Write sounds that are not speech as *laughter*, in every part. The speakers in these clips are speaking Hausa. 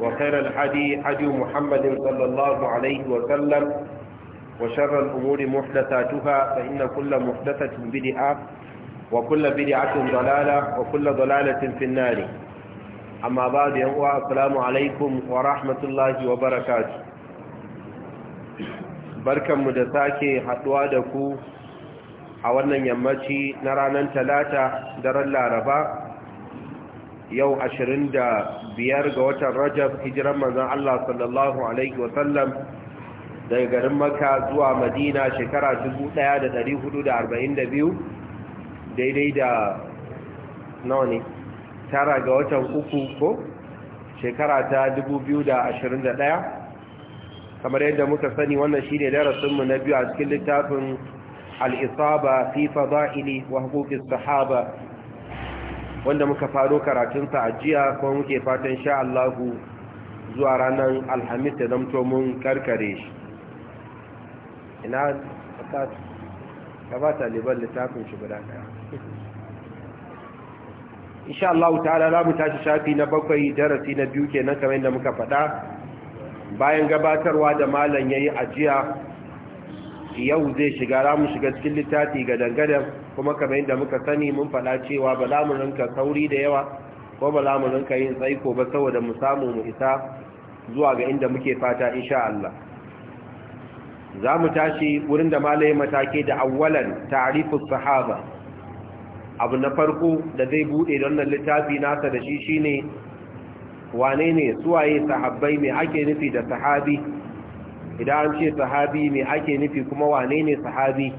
وخير الحدي حدي محمد صلى الله عليه وسلم وشر الأمور محدثاتها فإن كل محدثة بدعة وكل بدعة ضلالة وكل ضلالة في النار أما بعد السلام عليكم ورحمة الله وبركاته بركة مدساكي حتوادكو a wannan yammaci na ranar talata daren laraba yau 25 ga watan rajab hijiran manzan Allah sallallahu Alaihi wasallam daga garin maka zuwa madina shekara 1442 daidai da nawa ne tara ga watan uku ko shekara ta 2021 kamar yadda muka sani wannan shi ne darasinmu na biyu a cikin littafin al'isaba fi fada'ili wa hukukin sahaba wanda muka faro karatunsa a jiya kuma muke fatan sha Allahu zuwa ranar alhamis da zamto mun karkare shi ina ka ba taliban littafin shi guda daya insha Allahu ta'ala za mu tashi shafi na bakwai darasi na biyu kenan kamar yadda muka faɗa bayan gabatarwa da malam yayi ajiya yau zai shiga ramu shiga cikin littafi ga dangadan kuma kamar yadda muka sani mun faɗa cewa ba za mu sauri da yawa ko ba lamun ranka yin tsaiko ba saboda mu samu mu isa zuwa ga inda muke fata insha Allah za mu tashi wurin da malaye matake da awwalan ta'arifu sahaba abu na farko da zai bude nan littafi nasa da shi shine wane ne suwaye sahabbai mai ake nufi da sahabi idan an ce sahabi mai ake nufi kuma wane ne sahabi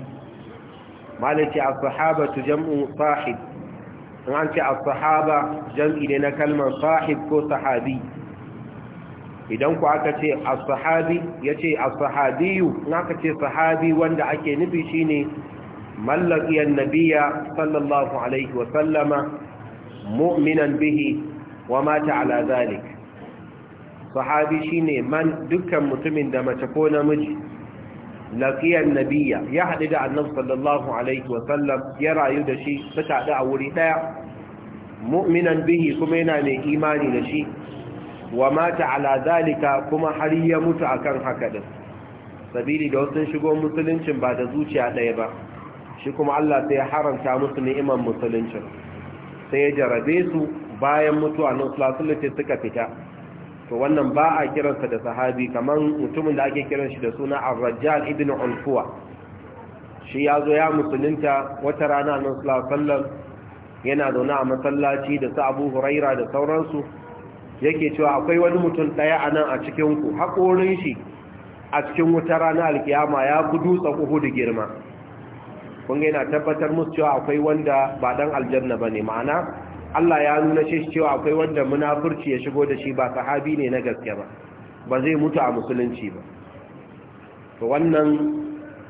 malaci a sahaba tu jam'un sahib in an ce a sahaba jam'i ne na kalmar sahib ko sahabi idan ku aka ce a sahabi ya ce a sahabiyu in aka ce sahabi wanda ake nufi shine mallakiyar nabiya sallallahu alaihi wasallama mu'minan bihi wa mata ala zalik sahabi shine man dukkan mutumin da mace ko namiji laqiyar nabiyya ya haɗu da annabi sallallahu alaihi ya rayu da shi suka haɗu a wuri ɗaya mu'minan bihi kuma yana mai imani da shi wa mata ala zalika kuma har ya mutu akan haka din sabili da wasu shigo musuluncin ba da zuciya ɗaya ba shi kuma Allah sai ya haramta musu ni'iman musuluncin sai ya jarabe su bayan mutuwa nan sulasulace suka fita to wannan ba a kiransa da sahabi kamar mutumin da ake kiran shi da suna ar-rajjal ibn unfuwa shi ya zo ya musulunta wata rana nan sallallahu yana zaune a masallaci da su abu huraira da sauransu yake cewa akwai wani mutum ɗaya a nan a cikin haƙorin shi a cikin wuta rana alkiyama ya gudu tsakuhu da girma kun yana tabbatar musu cewa akwai wanda ba dan aljanna ba ne ma'ana Allah ya nuna shi cewa akwai wanda munafurci ya shigo da shi ba sahabi ne na gaske ba ba zai mutu a musulunci ba to wannan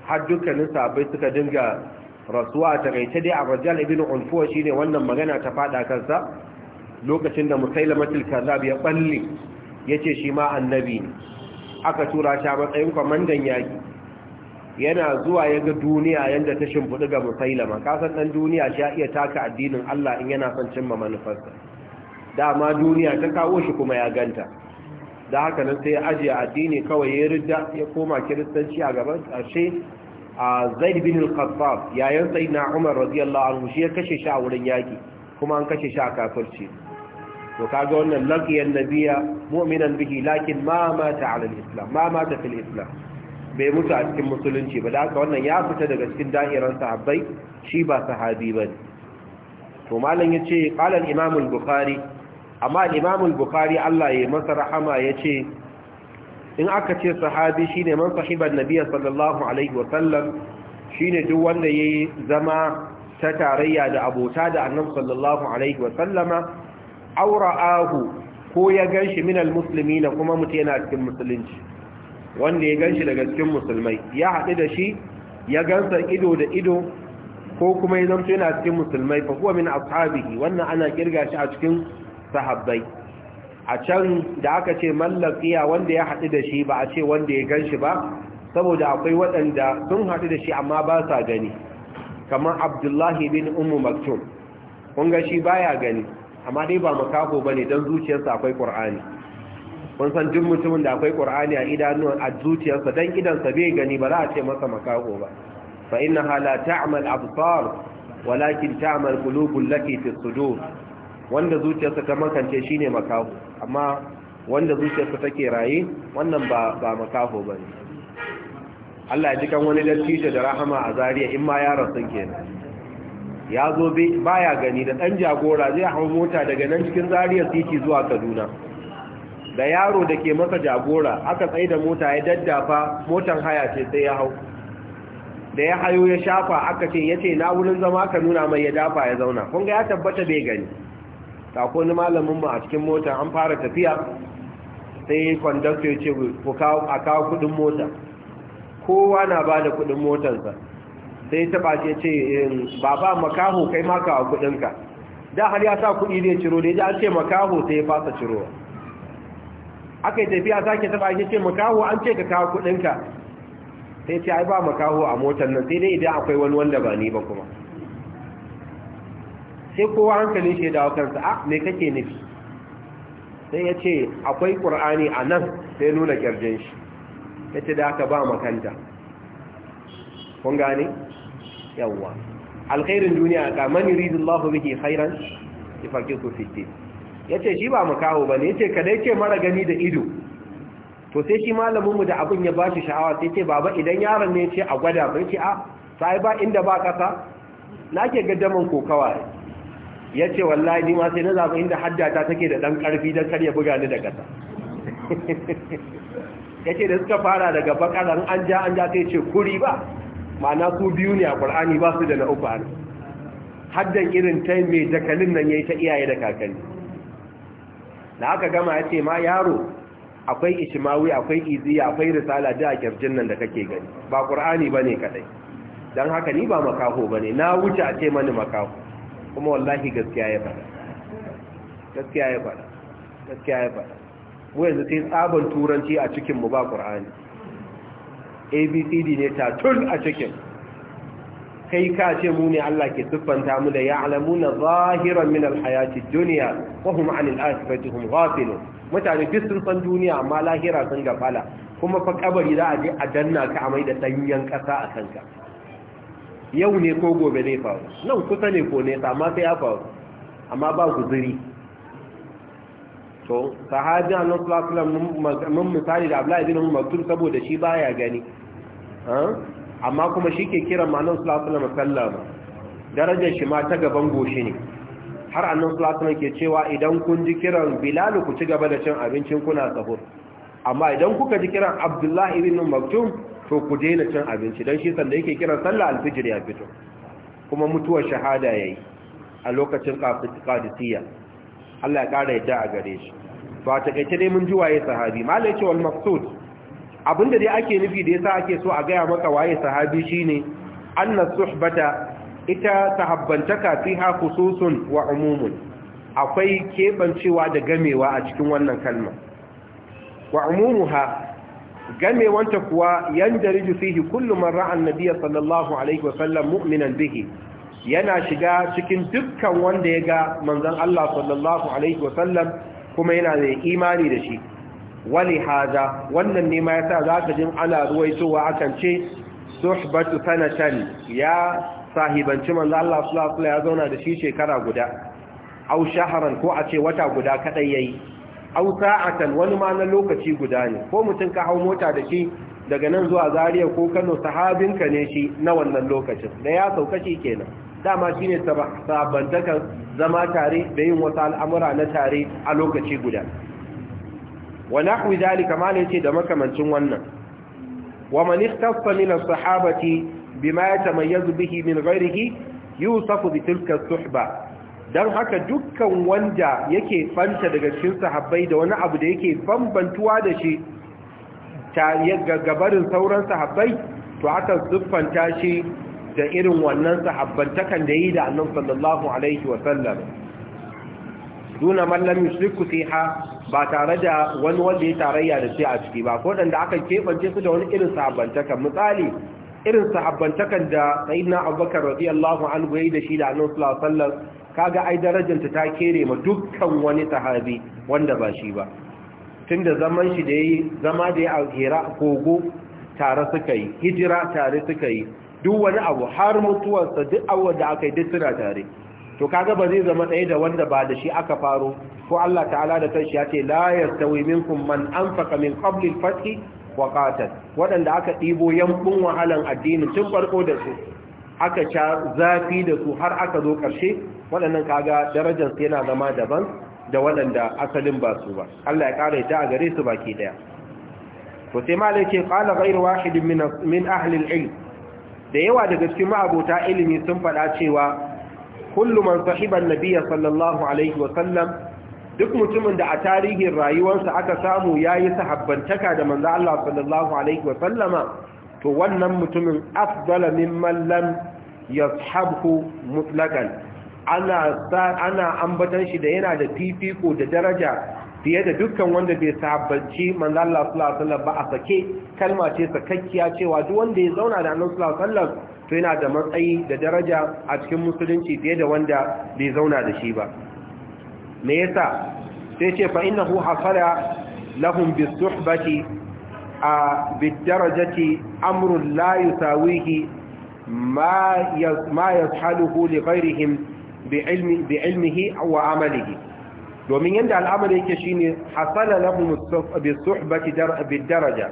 har dukkanin sahabbai suka dinga rasuwa a takaice dai a rajal ibn unfuwa shine wannan magana ta fada kansa lokacin da musailamatul kazzab ya balle yace shi ma annabi ne aka tura shi a matsayin kwamandan yaki yana zuwa ya ga duniya yadda ta shimfiɗu ga musailama kasan ɗan duniya shi ya iya taka addinin Allah in yana son cimma manufarsa dama duniya ta kawo shi kuma ya ganta da haka nan sai ya ajiye addini kawai ya rida ya koma kiristanci a gaban ƙarshe a zaid bin al-khattab yayin sai na umar radiyallahu anhu shi ya kashe shi a wurin yaki kuma an kashe shi a kafirci to kaga wannan laqiyan nabiyya mu'minan bihi lakin ma mata al-islam ma mata fil islam bai mutu a cikin musulunci ba da haka wannan ya fita daga cikin da'irar sahabbai shi ba sahabi ba ne to malam ya ce ƙalar imamul bukhari amma imamul bukhari allah ya masa rahama ya ce in aka ce sahabi shi ne man sahibar nabiya sallallahu alaihi wasallam shi ne duk wanda ya yi zama ta tarayya da abota da annab sallallahu alaihi wasallama aura'ahu ko ya gan shi minal musulmi na kuma mutu yana cikin musulunci wanda ya ganshi daga cikin musulmai ya haɗu da shi ya gansa ido da ido ko kuma ya zamto yana cikin musulmai fa huwa min ashabihi wannan ana kirga shi a cikin sahabbai a can da aka ce mallakiya wanda ya haɗu da shi ba a ce wanda ya ganshi ba saboda akwai waɗanda sun haɗu da shi amma ba sa gani kamar abdullahi bin ummu maktum kun ga shi baya gani amma dai ba ba ne dan zuciyarsa akwai qur'ani kun san duk mutumin da akwai qur'ani a idanun a zuciyarsa dan idansa bai gani ba za a ce masa makaho ba fa inna hala ta'mal absar walakin ta'mal qulubul lati fi sudur wanda zuciyarsa ta makance shine makaho amma wanda zuciyarsa take raye wannan ba ba makako bane Allah ya ji kan wani dattijo da rahama a zariya in ma yaron sun kenan ya zo baya gani da dan jagora zai hau mota daga nan cikin zariya titi zuwa Kaduna da yaro da ke masa jagora aka tsaye da mota ya daddafa motan haya ce sai ya hau da ya hayo ya shafa aka ce ya ce na wurin zama ka nuna mai ya dafa ya zauna kun ga ya tabbata bai gani malamin malaminmu a cikin mota an fara tafiya sai kwandakta ya ce a kawo kudin mota kowa na ba da kudin sa. sai ta ɓace ce eh, baba makaho kai maka kudinka da har ya sa kudi ne ciro da ya ce makaho sai ya fasa cirowa aka yi tafiya sake taba ake ce makaho an ce ka kawo kudinka sai ce ai ba makaho a motar nan sai dai idan akwai wani wanda ba ni ba kuma sai kowa hankali shi dawo kansa a ah, me kake nufi sai ya ce akwai ƙur'ani a nan sai nuna kirjin shi ya ce da aka ba makanta kun gane yawwa alkhairin duniya ka man yuridullahu bihi khairan yafaqihu fi din yace shi ba mu kawo yace ne ya ce mara gani da ido to sai shi malamin mu da abin ya bashi sha'awa sai ce baba idan yaron ne ce a gwada ba ce a sai ba inda ba kasa nake ga daman kokawa yace wallahi ni ma sai na zaba inda haddata take da dan karfi dan kar buga ni da kasa *laughs* yace da suka fara daga bakaran an ja an ja sai ce kuri ba ma'ana ku biyu ne a Qur'ani ba su da na uku haddan irin ta mai dakalin nan ya yi ta iyaye da kakanni da aka gama ya ce ma yaro akwai ishimawi akwai iziya akwai risala da a kirjin nan da kake gani ba ƙur'ani ba ne kadai don haka ni ba makaho ba ne na wuce a ce mani makaho kuma wallahi gaskiya ya faɗa gaskiya ya faɗa gaskiya ya faɗa mu yanzu sai tsaban turanci a cikinmu ba ƙur'ani abcd ne tun a cikin kai ka ce mu ne Allah ke siffanta mu da ya'lamuna zahiran min alhayati dunya wa hum 'anil akhirati hum ghafilun mutane duk sun san duniya amma lahira sun gafala kuma fa kabari za a je a danna ka amai da danyen kasa a kanka yau ne ko gobe ne faru nan kusa ne ko ne amma sai ya faru amma ba guzuri to sahabi annabi sallallahu alaihi wasallam mun misali da Abdullahi bin Umar saboda shi baya gani amma kuma shi ke kiran ma'anin sulasulam musallama darajar shi ma ta gaban goshi ne har annan sulasulam ke cewa idan kun ji kiran bilalu ku ci gaba da cin abincin kuna sahur amma idan kuka ji kiran abdullahi ibn maktum to ku daina cin abinci don shi sanda yake kiran sallah alfijir ya fito kuma mutuwar shahada ya yi a lokacin kadisiya. Allah ya kara yadda a gare shi ba ta kai dai mun ji waye sahabi malai ce wal maqsud abinda dai ake nufi da yasa ake so a gaya maka waye sahabi shine anna suhbata ita sahabbantaka fiha khususun wa umumun akwai kebancewa da gamewa a cikin wannan kalma wa umumuha gamewanta kuwa yandariju fihi kullu man ra'a an-nabiy sallallahu alaihi wa sallam mu'minan bihi yana shiga cikin dukkan wanda ya ga manzon Allah sallallahu alaihi wa sallam kuma yana da imani da shi wali haza wannan ne ma yasa za ka jin ana ruwaitowa akan ce suhbatu sanatan ya sahibanci manzo Allah sallallahu alaihi ya zauna da shi shekara guda au shahran ko a ce wata guda kadai yayi au sa'atan wani ma na lokaci guda ne ko mutum ka hau mota da shi daga nan zuwa Zariya ko Kano sahabinka ne shi na wannan lokacin da ya sauka shi kenan dama shine sabantakan zama tare da yin wasu al'amura na tare a lokaci guda wa nahwi zalika ma yace da makamancin wannan wa man ikhtassa min as-sahabati bima yatamayyazu bihi min ghayrihi yusafu bi tilka as-suhba dan haka dukkan wanda yake fanta daga cikin sahabbai da wani abu da yake bambantuwa da shi ta gabarin sauran sahabbai to aka siffanta shi da irin wannan sahabbantakan da yi da annabi sallallahu alaihi wa sallam duna man lam yushriku fiha ba tare da wani wanda ya tarayya da shi a ciki ba ko da aka kebance su da wani irin sahabbantaka misali irin sahabbantakan da sayyidina abubakar radiyallahu anhu yayi da shi da annabi sallallahu alaihi wasallam kaga ai darajarta ta kere ma dukkan wani sahabi wanda ba shi ba tunda zaman shi da yayi zama da ya alhira kogo tare suka yi hijira tare suka yi duk wani abu har mutuwarsa duk abu da aka yi duk suna tare to kaga ba zai zama ɗaya da wanda ba da shi aka faro ko Allah ta'ala da kanshi ya ce la yastawi minkum man anfaqa min qabli al-fath wa qatal wadanda aka dibo yankun wahalan addini tun farko da su aka ca zafi da su har aka zo karshe wadannan kaga darajar su yana zama daban da wadanda asalin ba su ba Allah ya kare ta a gare su baki daya to sai malai ce qala ghayr wahid min min ahli al-ilm da yawa daga cikin ma'abota ilimi sun faɗa cewa kullu man sahiba nabiyya sallallahu alaihi duk mutumin da a tarihin rayuwarsa aka samu yayi sahabbantaka da manza Allah sallallahu alaihi to wannan mutumin afdala mimman lam ya mutlaqan ana ana ambatan shi da yana da fifiko da daraja fiye da dukkan wanda bai sabbalci manzo Allah ba a sake kalma ce sakakkiya cewa duk wanda ya zauna da Annabi sallallahu alaihi to yana da matsayi da daraja a cikin musulunci fiye da wanda bai zauna da shi ba me yasa sai ce fa innahu hasala lahum bisuhbati a bidarajati amrun layu sawihi, ma ma yashaluhu li ghayrihim bi ilmihi wa amalihi domin yadda al'amari yake shine hasala lahum bi daraja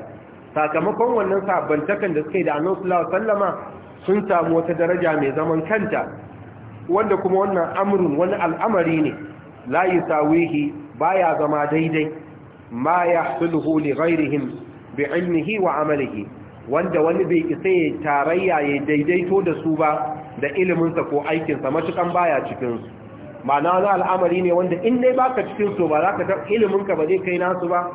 sakamakon wannan sabantakan da suke da annabi sallallahu sun samu wata daraja mai zaman kanta wanda kuma wannan amrun wani al'amari ne la ba baya zama daidai ma sulhu li ghairihim bi ilmihi wa amalihi wanda wani bai isa ya tarayya ya daidaito da su ba da iliminsa ko aikinsa matukan baya cikinsu ma'ana za al'amari ne wanda in dai baka cikin su ba za ka taɓa iliminka ba zai kai nasu ba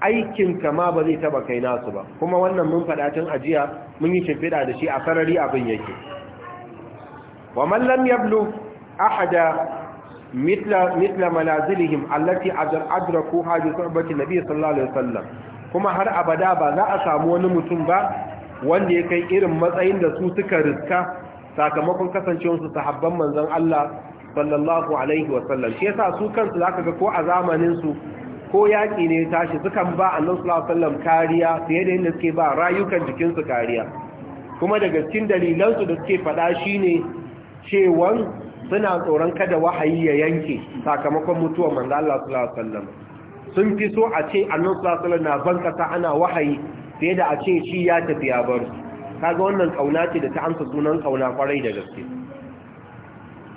aikinka ma ba zai taɓa kai nasu ba kuma wannan mun faɗa tun ajiya mun yi shimfiɗa da shi a sarari abin yake wa man lam yablu ahada mithla mithla manazilihim allati adraku hadi suhbati nabi sallallahu alaihi wasallam kuma har abada ba za a samu wani mutum ba wanda ya kai irin matsayin da su suka riska sakamakon kasancewarsu sahabban manzon Allah sallallahu alaihi wasallam shi yasa su kansu zaka ga ko a zamanin su ko yaƙi ne tashi sukan ba annabi sallallahu alaihi wasallam kariya fiye da inda suke ba rayukan jikin su kariya kuma daga cikin dalilan su da suke faɗa shine cewan suna tsoron kada wahayi ya yanke sakamakon mutuwar manzo Allah sallallahu alaihi wasallam sun fi so a ce annabi sallallahu alaihi wasallam na ban kasa ana wahayi fiye da a ce shi ya tafi ya bar kaga wannan kauna ce da ta amsa sunan kauna kwarai da gaske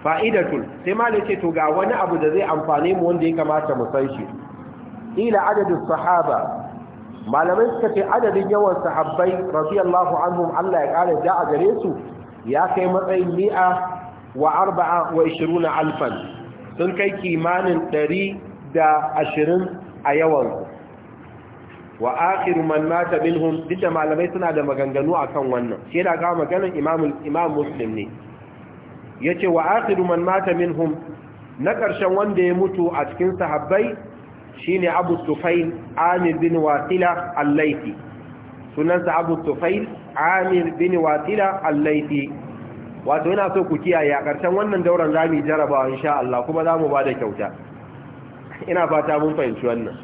fa'idatul sai malai ce to ga wani abu da zai amfani mu wanda ya kamata mu san shi ila adadin sahaba malamai suka ce adadin yawan sahabbai radiyallahu anhum Allah ya kare da a gare su ya kai matsayin mi'a wa arba'a wa ishiruna alfan sun kai kimanin ɗari da ashirin a yawan wa akhiru man mata minhum duk da malamai suna da maganganu akan wannan shi da ga maganin imam muslim ne yace wa akhiru man mata minhum na ƙarshen wanda ya mutu a cikin sahabbai shine Abu Tufail Amir bin Wasila al Sunan sunansa Abu Tufail Amir bin Wasila al wato yana so ku kiyaye a ƙarshen wannan dauran zamu jaraba insha Allah kuma zamu bada kyauta ina fata mun fahimci wannan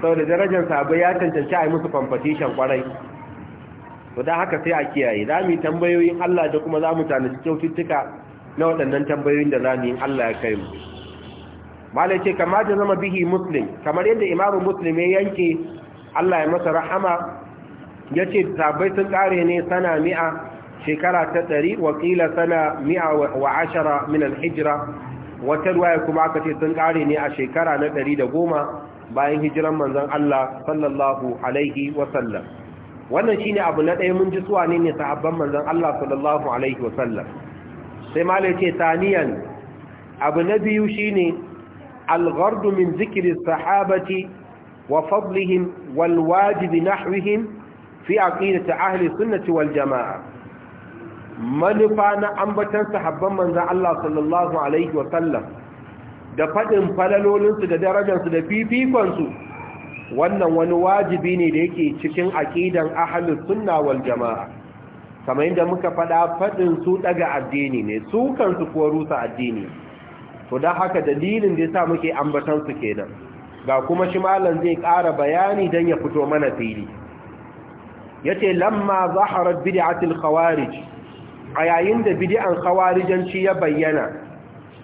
saboda darajar sahabbai ya cancanci a yi musu competition kwarai to dan haka sai a kiyaye zamu tambayoyin Allah da kuma zamu tanaci kyaututtuka na waɗannan tambayoyin da zamu yi Allah ya kai mu malai ce kama zama bihi muslim kamar yadda imamu muslim ya yanke Allah ya masa rahama ya ce sabai sun kare ne sana mi'a shekara ta ɗari wakila sana mi'a wa ashara min alhijira wata waya kuma aka ce sun kare ne a shekara na ɗari da goma bayan hijiran manzon Allah sallallahu alaihi wasallam wannan ne abu na ɗaya mun ji suwa ne ne sahabban manzon Allah sallallahu alaihi wasallam sai ma ce taniyan abu na biyu shine alghardu min zikri sahabati wa fadlihim walwajibi wajibi nahwihim fi aqidati ahli sunnati wal jamaa manufa na ambatan sahabban manzon Allah sallallahu alaihi Wasallam, da faɗin falalolinsu da darajarsu da fifikonsu wannan wani wajibi ne da yake cikin aƙidan ahlus sunna wal jamaa kamar da muka faɗa faɗin su ɗaga addini ne su kansu kuwa rusa addini to don haka dalilin da ya sa muke ambatan su kenan ga kuma shi malam zai ƙara bayani don ya fito mana fili ya ce lamma zaharar bid'atul khawarij a yayin da bid'an khawarijanci ya bayyana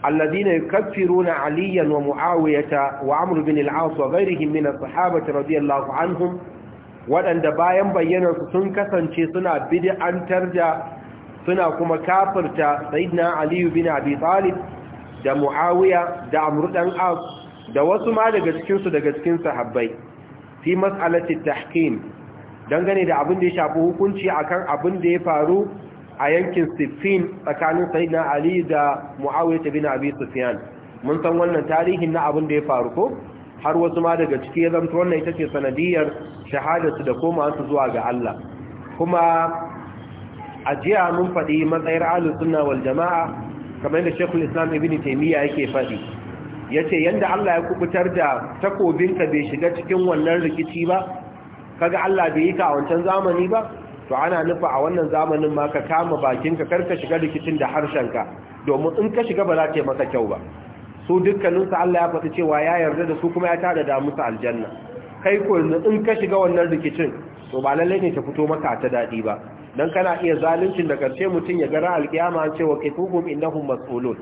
alladina yukaffiruna aliyan wa muawiyata wa amr bin al-as wa ghayrihim min sahabati radiyallahu anhum waɗanda bayan bayyanarsu sun kasance suna bid'antar da suna kuma kafirta sayyidina aliyu bin abi talib da muawiya da amr dan as da wasu ma daga cikin su daga cikin sahabbai fi mas'alati tahkim dangane da abin da ya shafi hukunci akan abin da ya faru a yankin siffin tsakanin sayyidina ali da muawiya bin abi sufyan mun san wannan tarihin na abin da ya faru ko har wasu ma daga ciki ya zamta wannan ita ce sanadiyar shahadarsu da koma su zuwa ga Allah kuma a jiya mun faɗi matsayar ahlus sunna wal jama'a kamar yadda Sheikhul Islam Ibn Taymiyyah yake faɗi yace yadda Allah ya kubutar da ka bai shiga cikin wannan rikici ba kaga Allah bai yi ka a wancan zamani ba to ana nufa a wannan zamanin ma ka kama bakinka karka shiga rikicin da harshenka domin in ka shiga ba za ta yi maka kyau ba su dukkaninsu Allah ya fata cewa ya yarda da su kuma ya tada da musu aljanna kai ko in ka shiga wannan rikicin to ba lalle ne ta fito maka ta daɗi ba dan kana iya zaluncin da karshe mutum ya gara alkiyama an cewa kifuhum innahum mas'ulun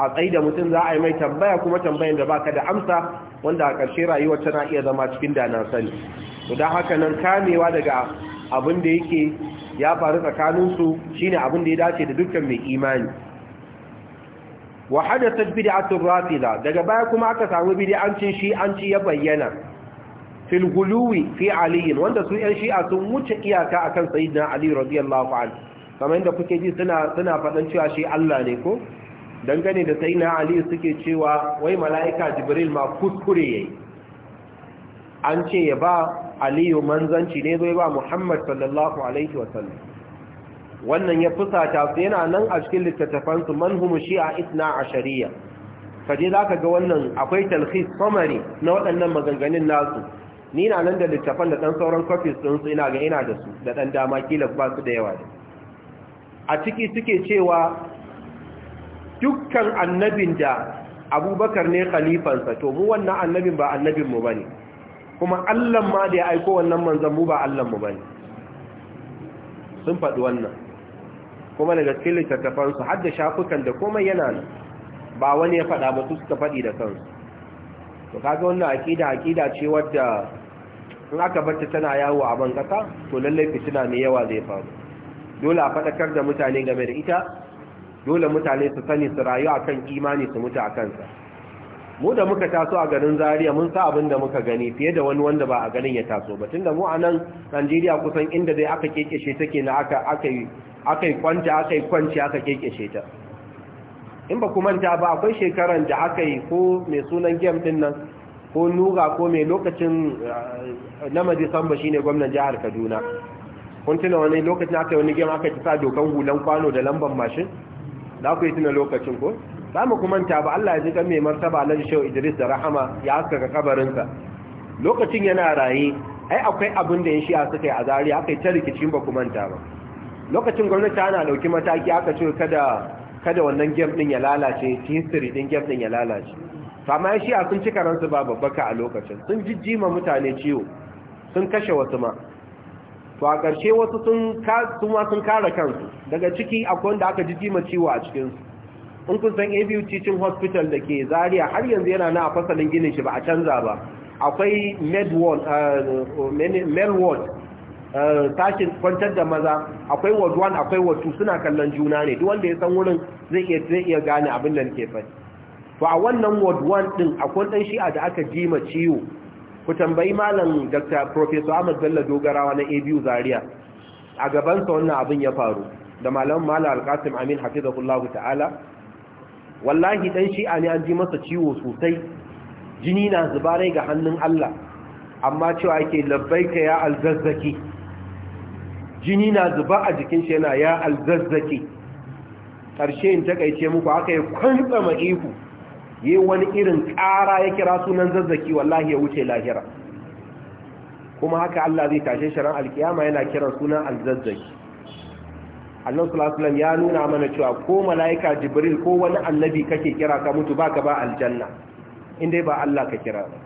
a tsayi da mutum za a yi mai tambaya kuma tambayan da baka da amsa wanda a karshe rayuwar tana iya zama cikin dana sani to dan haka nan kamewa daga abin da yake ya faru tsakaninsu shine abin da ya dace da dukkan mai imani wa hadathat bid'atur rafida daga baya kuma aka samu bid'ancin shi'anci ya bayyana fil guluwi fi ali wanda su yan shi'a sun wuce iyaka akan sayyidina ali radiyallahu anhu kamar inda kuke ji suna suna fadan cewa shi Allah ne ko dangane da sayyidina ali suke cewa wai mala'ika jibril ma kuskure yayi an ce ya ba aliyu manzanci ne zai ba muhammad sallallahu alaihi wasallam wannan ya fusata su yana nan a cikin littattafansu manhumu shi'a isna a shari'a kaje za ka ga wannan akwai talhis samari na waɗannan maganganun nasu ni na nan da littattafan da ɗan sauran copies ɗinsu ina ga ina da su da ɗan dama kila ba su da yawa a ciki suke cewa dukkan annabin da abubakar ne khalifansa to mu wannan annabin ba annabinmu ba ne kuma allan ma da ya aiko wannan manzan mu ba allanmu ba ne sun faɗi wannan kuma daga cikin littattafansu har da shafukan da komai yana nan ba wani ya faɗa ba su suka faɗi da kansu to kaga wannan akida akida ce wadda in aka barta tana yawo a ban kasa to lallai fitina mai yawa zai faru dole a faɗakar da mutane game da ita dole mutane su sani su rayu akan imani su mutu a kansa. mu da muka taso a garin Zaria mun sa abin da muka gani fiye da wani wanda ba a garin ya taso ba tunda mu a nan Najeriya kusan inda dai aka kekeshe take na aka aka aka kwanta aka kwanci aka kekeshe ta in ba ku manta ba akwai shekaran da aka yi ko mai sunan game din nan ko nuga ko mai lokacin eh, na shi shine gwamnan jihar Kaduna kun tuna wani lokacin aka yi wani game aka ci sa dokan hulan kwano da lamban mashin da ku yi tuna lokacin ko ba mu kumanta ba Allah ya ji kan mai martaba Alhaji shau Idris da rahama ya haskaka kabarinsa lokacin yana raye ai akwai abin da ya shi suka yi a zari aka yi ta rikicin ba kumanta ba lokacin gwamnati ana dauki mataki aka ce kada kada wannan game din ya lalace history din game din ya lalace to amma shi a sun cika ransu ba babbaka a lokacin sun jijjima mutane ciwo sun kashe wasu ma to a ƙarshe wasu sun ka sun kare kansu daga ciki akwai wanda aka jijjima ciwo a cikin su in kun san abu cikin hospital da ke zariya har yanzu yana na a fasalin ginin shi ba a canza ba akwai male ward tashin uh, uh, uh, kwantar da maza akwai ward 1 akwai ward 2 suna kallon juna ne duk wanda ya san wurin zai iya gane abin da ke fai to a wannan ward 1 din akwai dan shi'a da aka ma ciwo ku tambayi malam Dr. Professor Ahmad Bello Dogarawa na ABU Zaria a gaban wannan abin ya faru da malamin Malam al Amin hafizahullahu ta'ala wallahi dan shi'a ne an ji masa ciwo sosai jini na zuba rai ga hannun Allah amma cewa yake labbaika ya alzazzaki jini na zuba a jikin shi yana ya alzazzaki karshe in takaice muku aka yi kwantsa ma'iku yi wani irin ƙara ya kira sunan zazzaki wallahi ya wuce lahira kuma haka Allah zai tashe sharan alkiyama yana kiran sunan alzazzaki Allah ya nuna mana cewa ko malaika Jibril ko wani annabi kake kira ka mutu baka ba aljanna inda ba Allah ka kira ba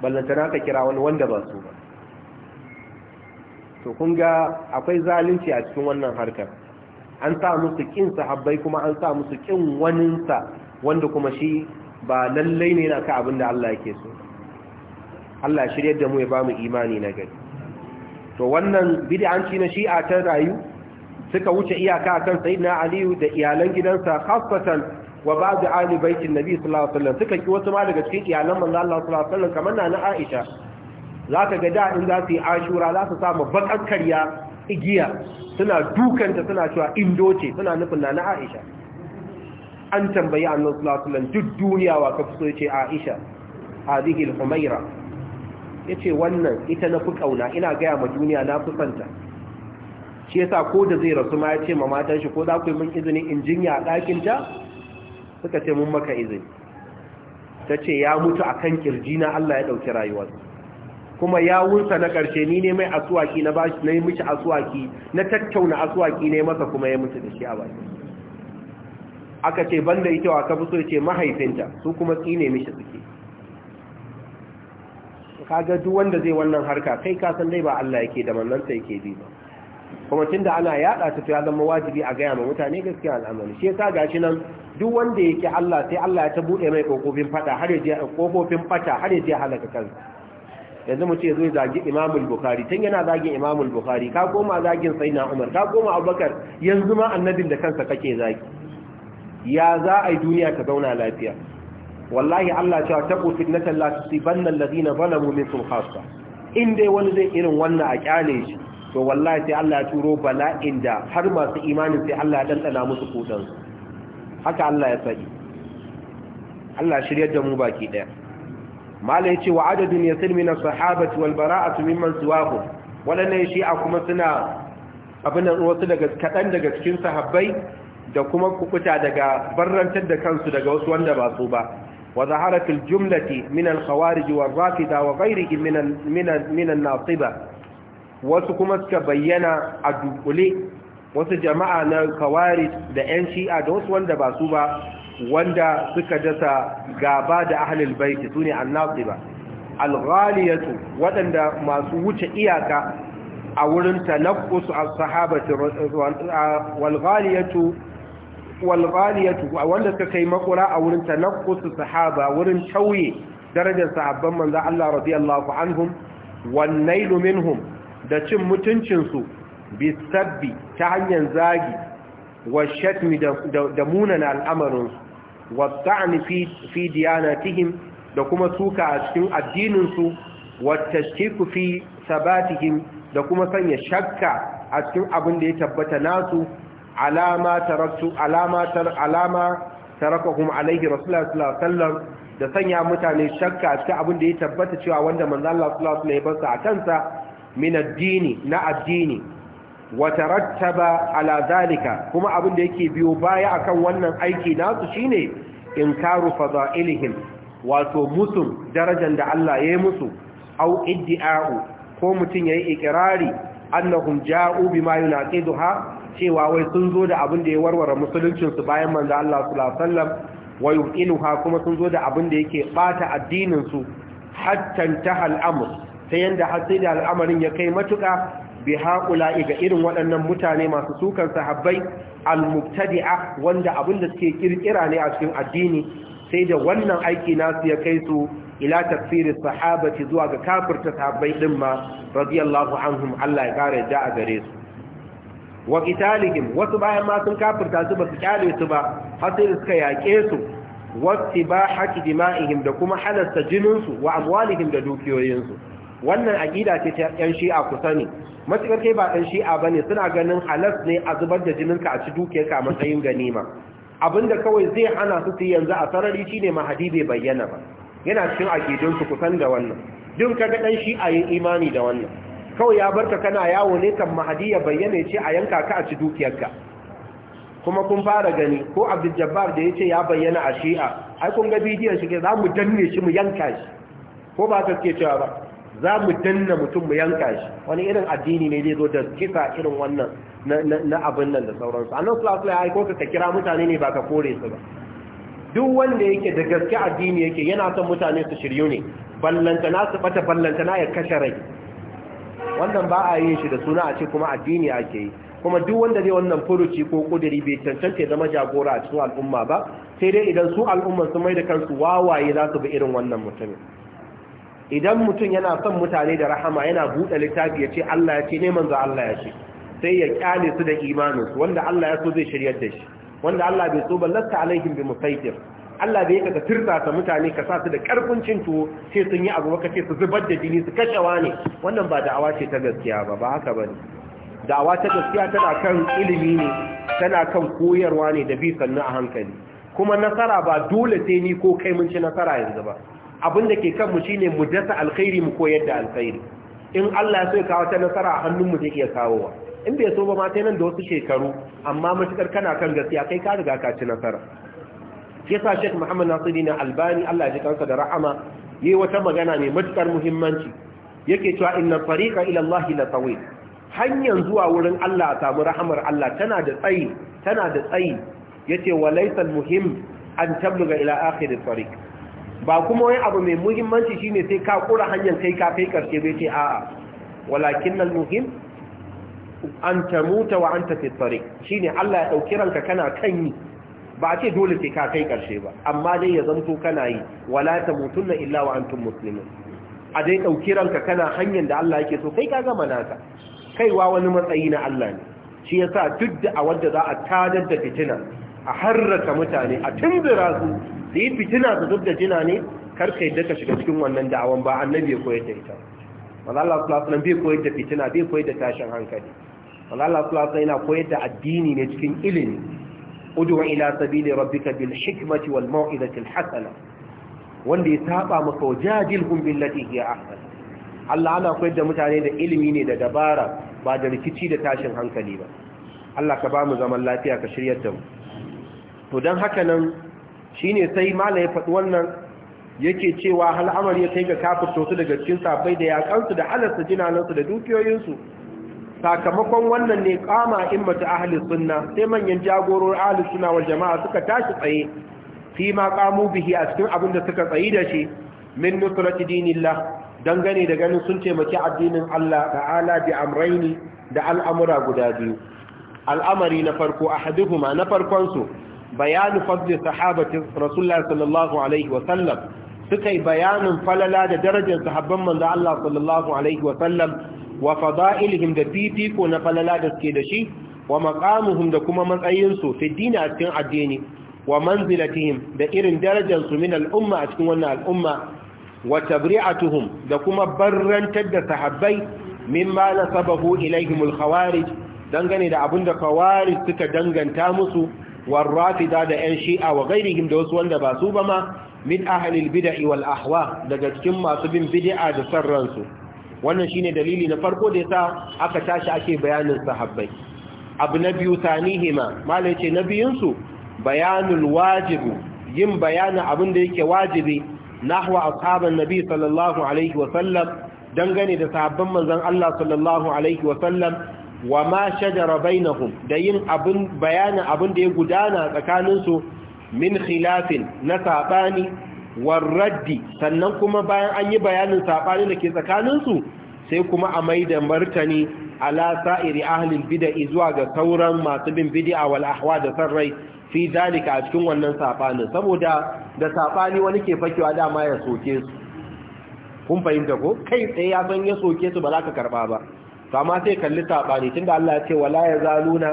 ballantana ka kira wani wanda ba su ba to kun ga akwai zalunci a cikin wannan harkar an sa musu kin sahabbai kuma an sa musu kin waninsa wanda kuma shi ba lallai ne na ka abinda da Allah yake so Allah shiryar da mu ya bamu imani na gari to wannan bid'anci na shi'a ta rayu suka wuce iyaka kan sayyidina aliyu da iyalan gidansa khassatan wa ba'd ali baitin nabi sallallahu alaihi wasallam suka ki wasu ma daga cikin iyalan manzo Allah sallallahu alaihi wasallam kamar nana Aisha zaka ga da in za su yi ashura za su samu bakan karya igiya suna dukanta suna cewa indo ce suna nufin nana Aisha an tambayi annabi sallallahu alaihi wasallam duk duniya wa ka fito yace Aisha hadhihi al-humaira yace wannan ita na fi kauna ina ga ya ma duniya na fi santa shi yasa ko da zai rasu ma ya ce ma shi ko za ku yi mun izinin in jinya a ɗakin ta suka ce mun maka izini ta ce ya mutu a kan na Allah ya ɗauki rayuwar kuma ya wunsa na ƙarshe ni ne mai asuwaki na yi mishi asuwaki na tattauna asuwaki ne masa kuma ya mutu da shi a baki aka ce banda ita wa fi so ce mahaifinta su kuma tsine mishi suke kaga duk wanda zai wannan harka kai ka san dai ba Allah yake da mannanta yake bi ba kuma da ana yada ta to ya zama wajibi a gaya ma mutane gaskiya al'amari shi yasa gashi nan duk wanda yake Allah sai Allah ya ta bude mai kokofin fada har ya je kokofin fata har ya je halaka kansa yanzu mu ce zai zagi Imam al-Bukhari tun yana zagin Imam al-Bukhari ka koma zagin Sayyidina Umar ka koma Abubakar yanzu ma annabin da kansa kake zagi ya za a yi duniya ta zauna lafiya wallahi Allah cewa taqu fitnatan la tusibanna alladhina zalamu minkum khassa in dai wani zai irin wannan a kyale shi to wallahi sai Allah ya turo bala'in da har masu imanin sai Allah ya dandana musu kudan haka Allah ya faɗi Allah shiryar da mu baki daya malai yace wa adadun yasil min as-sahabati wal bara'atu mimman siwahu wadannan a kuma suna abinan wasu daga kadan daga cikin sahabbai da kuma kukuta daga barrantar da kansu daga wasu wanda ba su ba وظهرت الجملة من الخوارج والرافضة وغيرهم من من من الناصبة wasu kuma suka bayyana a dukule wasu jama'a na kawari da 'yan shi'a da wasu wanda ba su ba wanda suka dasa gaba da ahlul baiti su ne ba. alghaliyatu waɗanda masu wuce iyaka a wurin tanakkusu as-sahabati walghaliyatu walghaliyatu wanda suka kai makura a wurin tanakkusu sahaba wurin tauye darajar sahabban manzo Allah radiyallahu anhum wan nailu minhum da cin mutuncinsu bisabbi ta hanyar zagi wa shatmi da munana al'amarinsu wa sa’ani fi diyana tihim da kuma suka a cikin addininsu wa tashkiku fi sabatihim da kuma sanya shakka a cikin abin da ya tabbata nasu alama ta raka kuma tarakahum alaihi rasulallah sallallahu alaihi wasallam da sanya mutane shakka a cikin abin da ya tabbata cewa wanda manzo Allah sallallahu alaihi wasallam ya bar sa a kansa min addini na addini wa tarattaba ala zalika kuma abin da yake biyo baya akan wannan aiki nasu shine inkaru fadailihim wato mutum darajar da Allah ya yi musu au iddi'a'u ko mutun yayi ikrari annahum ja'u bima yunaqiduha cewa wai sun zo da abin da ya warware musuluncin su bayan manzo Allah sallallahu alaihi wasallam wa kuma sun zo da abin da yake bata addinin su hatta tahal amr ta yanda har sai da al'amarin ya kai matuƙa bi haƙula'i ga irin waɗannan mutane masu sukan sahabbai al-mubtadi'a wanda abin da suke ƙirƙira ne a cikin addini sai da wannan aiki nasu ya kai su ila tafsirin sahabati zuwa ga kafirta sahabbai ɗin ma radiyallahu anhum Allah ya kare da a gare su wa qitalihim wasu bayan ma sun kafirta su ba su kyale su ba har sai suka yaƙe su wasibahati dima'ihim da kuma halasta jininsu wa amwalihim da dukiyoyinsu wannan aqida ce ta yan shi'a ku sani matukar kai ba ɗan shi'a bane suna ganin halas ne a zubar da jinin ka a ci dukiyarka a matsayin ganima abinda kawai zai hana su su yanzu a sarari shine mahadi bai bayyana ba yana cikin aqidun su kusan da wannan din kaga ɗan shi'a yin imani da wannan kawai ya barka kana yawo ne kan mahadi ya bayyana ce a yanka ka a ci dukiyarka kuma kun fara gani ko Abdul Jabbar da yace ya bayyana a shi'a ai kun ga bidiyon shi ke za mu danne shi mu yanka shi ko ba ta ce cewa ba za mu danna mutum mu yanka shi wani irin addini ne zai zo da kisa irin wannan na abin nan da sauransu annan sulasula ya aiko ka kira mutane ne ba ka kore su ba duk wanda yake da gaske addini yake yana son mutane su shiryu ne ballantana su bata ballantana ya kashe rai wannan ba a yin shi da suna a ce kuma addini ake yi kuma duk wanda zai wannan furuci ko kudiri bai cancanta zama jagora a cikin al'umma ba sai dai idan su al'umma sun mai da kansu wawaye za su bi irin wannan mutumin idan mutum yana son mutane da rahama yana buɗe littafi ya ce Allah ya ce neman za Allah ya ce sai ya kyale su da imaninsu wanda Allah ya so zai shirya da shi wanda Allah bai so ballasta alaihim bi musaitir Allah bai ka tirsa ta mutane ka sa su da karfin cin tuwo sai sun yi abu baka ce su zubar da jini su kashewa ne wannan ba da'awa ce ta gaskiya ba ba haka bane da'awa ta gaskiya tana kan ilimi ne tana kan koyarwa ne da bi sannu a hankali kuma nasara ba dole sai ni ko kai mun ci nasara yanzu ba abin da ke kanmu shine mu dasa alkhairi mu koyar da alkhairi in Allah ya so kawo ta nasara a hannunmu zai iya kawowa in bai so ba ma sai nan da wasu shekaru amma matukar kana kan gaskiya kai ka riga ka ci nasara yasa Sheikh Muhammad na Albani Allah ya ji kansa da rahama yayi wata magana mai matukar muhimmanci yake cewa inna tariqa ila Allah la hanyar zuwa wurin Allah a samu rahamar Allah tana da tsayi tana da tsayi yace walaysal muhim an tabluga ila akhir tariq ba kuma wani abu mai muhimmanci shi ne sai ka kura hanyar kai ka kai karshe bai ce a'a walakin nan muhim an ta tamuta wa anta fi shi ne Allah ya dauki ranka kana kan yi ba ce dole sai ka kai karshe ba amma dai ya zanto kana yi wala ta na illa wa antum muslimun a dai dauki ranka kana hanyar da Allah yake so kai ka gama naka kaiwa wani matsayi na Allah ne shi ya sa duk da a wanda za a tadar da fitina a harrata mutane a tunzura su su yi fitina ta duk da jina ne kar ka yadda ka shiga cikin wannan da'awan ba annabi ya koyar da ita Allah sallallahu alaihi bai koyar da fitina bai koyar da tashin hankali wanda Allah sallallahu yana koyar da addini ne cikin ilimi ud'u ila sabili rabbika bil hikmati wal mau'izati al hasana wanda ya saba maka wajadilhum billati hiya ahsan Allah ana koyar da mutane da ilimi ne da dabara ba da rikici da tashin hankali ba Allah ka ba mu zaman lafiya ka shiryar da mu to don haka nan shine sai Malam ya faɗi wannan yake cewa hal ya kai ga kafin sosu daga cikin sabai da yakansu da halarsa jinanansu da dukiyoyinsu sakamakon wannan ne kama immatu ahalin sunna sai manyan jagoror ahli suna wa jama'a suka tashi tsaye fi ma qamu bihi a cikin abin da suka tsaye da shi min nusrati dinillah dangane da ganin sun taimaki addinin Allah ta'ala bi amraini da al'amura guda biyu al'amari na farko ahaduhuma na farkon su bayanin fasle sahabatin rasulullah sallallahu alaihi wa suka yi bayanin falala da darajar sahabban manzo Allah sallallahu alaihi wa wa fada'ilihim da fifiko na falala da suke da shi wa maqamuhum da kuma matsayinsu fi dini a cikin addini wa manzilatihim da irin su min al'umma a cikin wannan al'umma wa tabri'atuhum da kuma barrantar da sahabbai mimma nasabahu ilaihimul khawarij dangane da abinda khawarij suka danganta musu warrafida da yan shi'a wa gairihim da wasu wanda ba su ba ma min ahlil bid'i wal ahwa daga cikin masu bin bid'a da san ransu wannan shine dalili na farko da yasa aka tashi ake bayanin sahabbai abu na biyu tanihima malai ce na biyun su bayanul wajib yin bayanin abin da yake wajibi nahwa ashaban nabi sallallahu alaihi wa sallam dangane da sahabban manzon Allah sallallahu alaihi wa sallam wa ma shajara bainahum da yin abin bayanin abin da ya gudana tsakanin su min khilafin na sabani war raddi sannan kuma bayan an yi bayanin sabani da ke tsakanin su sai kuma a mai da martani ala sa'iri ahlil bid'a zuwa ga sauran masu bin bid'a wal ahwa da sarrai fi zalika a cikin wannan sabanin saboda da sabani wani ke fakewa dama ya soke su kun fahimta ko kai tsaye ya san ya soke su ba za ka karba ba kama sai kalli saɓani tunda Allah ya ce wala ya zaluna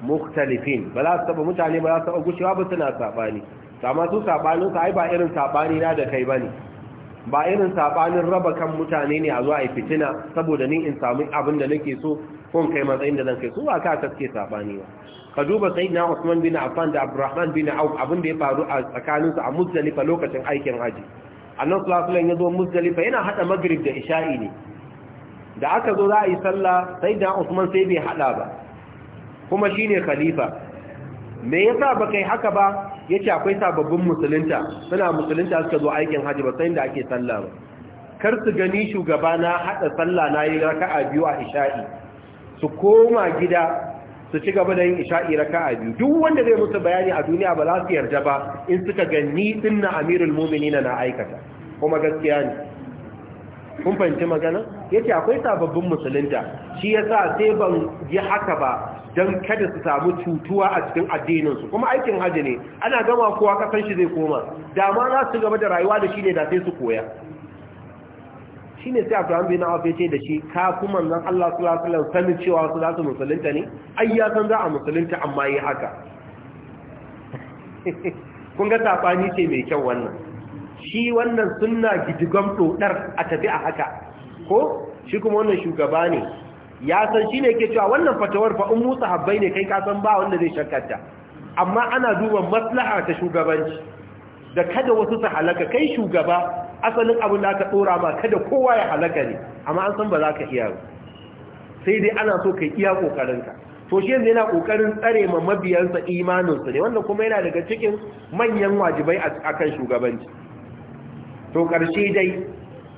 muktalifin ba za su taɓa mutane ba za su taɓa gushewa ba suna saɓani kama su saɓanin su ai ba irin saɓani na da kai ba ne ba irin saɓanin raba kan mutane ne a zuwa a fitina saboda ni in samu abin da nake so ko in kai matsayin da zan kai su ba ka kaske saɓani ba ka duba sayyidina Usman bin Affan da Abdurrahman bin Auf abin da ya faru a tsakaninsu a Muzdalifa lokacin aikin haji alaihi wasallam ya zo muzdalifa yana hada maghrib da isha'i ne da aka zo za a yi sallah sai da Usman sai bai hada ba kuma shine khalifa me yasa ba kai haka ba yace akwai sababbin musulunta suna musulunta suka zo aikin haji ba sai da ake sallah ba kar su gani shugaba na hada sallah na yi raka'a biyu a isha'i su koma gida su ci gaba da yin isha'i raka'a biyu duk wanda zai musu bayani a duniya ba za su yarda ba in suka gani dinna amirul mu'minina na aikata kuma gaskiya ne kun fahimci magana yace akwai sababbin musulunta shi yasa sai ban yi haka ba don kada su samu cutuwa a cikin addininsu kuma aikin hajji ne ana gama kowa kasan shi zai koma dama za su gaba da rayuwa da shi ne da sai su koya shi ne sai abraham bin awaf ce da shi ka kuma nan Allah sallallahu alaihi sanin cewa su za su musulunta ne ai ya san za a musulunta amma yi haka *laughs* kun ga sabani ce mai kyau wannan shi wannan suna gidigon dodar a tafi a haka ko shi kuma wannan shugaba ne ya san shi ne ke cewa wannan fatawar fa in musa habbai ne kai kasan ba wanda zai shakarta amma ana duba maslaha ta shugabanci da kada wasu su halaka kai shugaba asalin abin da aka tsora ma kada kowa ya halaka ne amma an san ba za ka iya sai dai ana so ka iya kokarinka to shi yanzu yana kokarin tsare ma mabiyansa imaninsu ne wannan kuma yana daga cikin manyan wajibai akan shugabanci to ƙarshe dai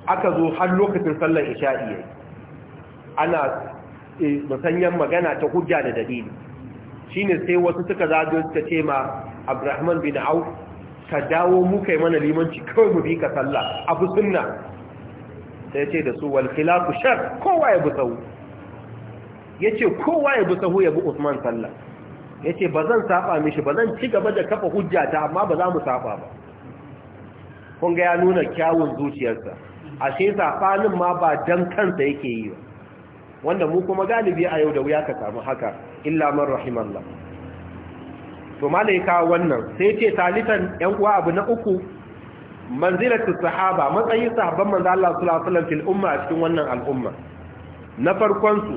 aka zo har lokacin sallar isha'i yayi ana eh, musanyen magana ta hujja da dalili shine sai wasu suka zago suka ce ma Abdurrahman bin Auf ka dawo mu kai mana limanci kawai mu bi ka sallah abu sunna sai ce da su wal khilafu shar kowa ya bi sahu yace kowa ya bi sahu ya bi Usman sallah yace bazan saba mishi bazan ci gaba da kafa hujjata amma ba za mu saba ba kun ga ya nuna kyawun zuciyarsa ashe safanin ma ba dan kansa yake yi ba wanda mu kuma galibi a yau da wuya ka samu haka illa man rahimallah to malaika wannan sai ce talitan yan uwa abu na uku manzilatu sahaba matsayin sahabban manzo Allah sallallahu alaihi wasallam fil umma cikin wannan al'umma na farkon su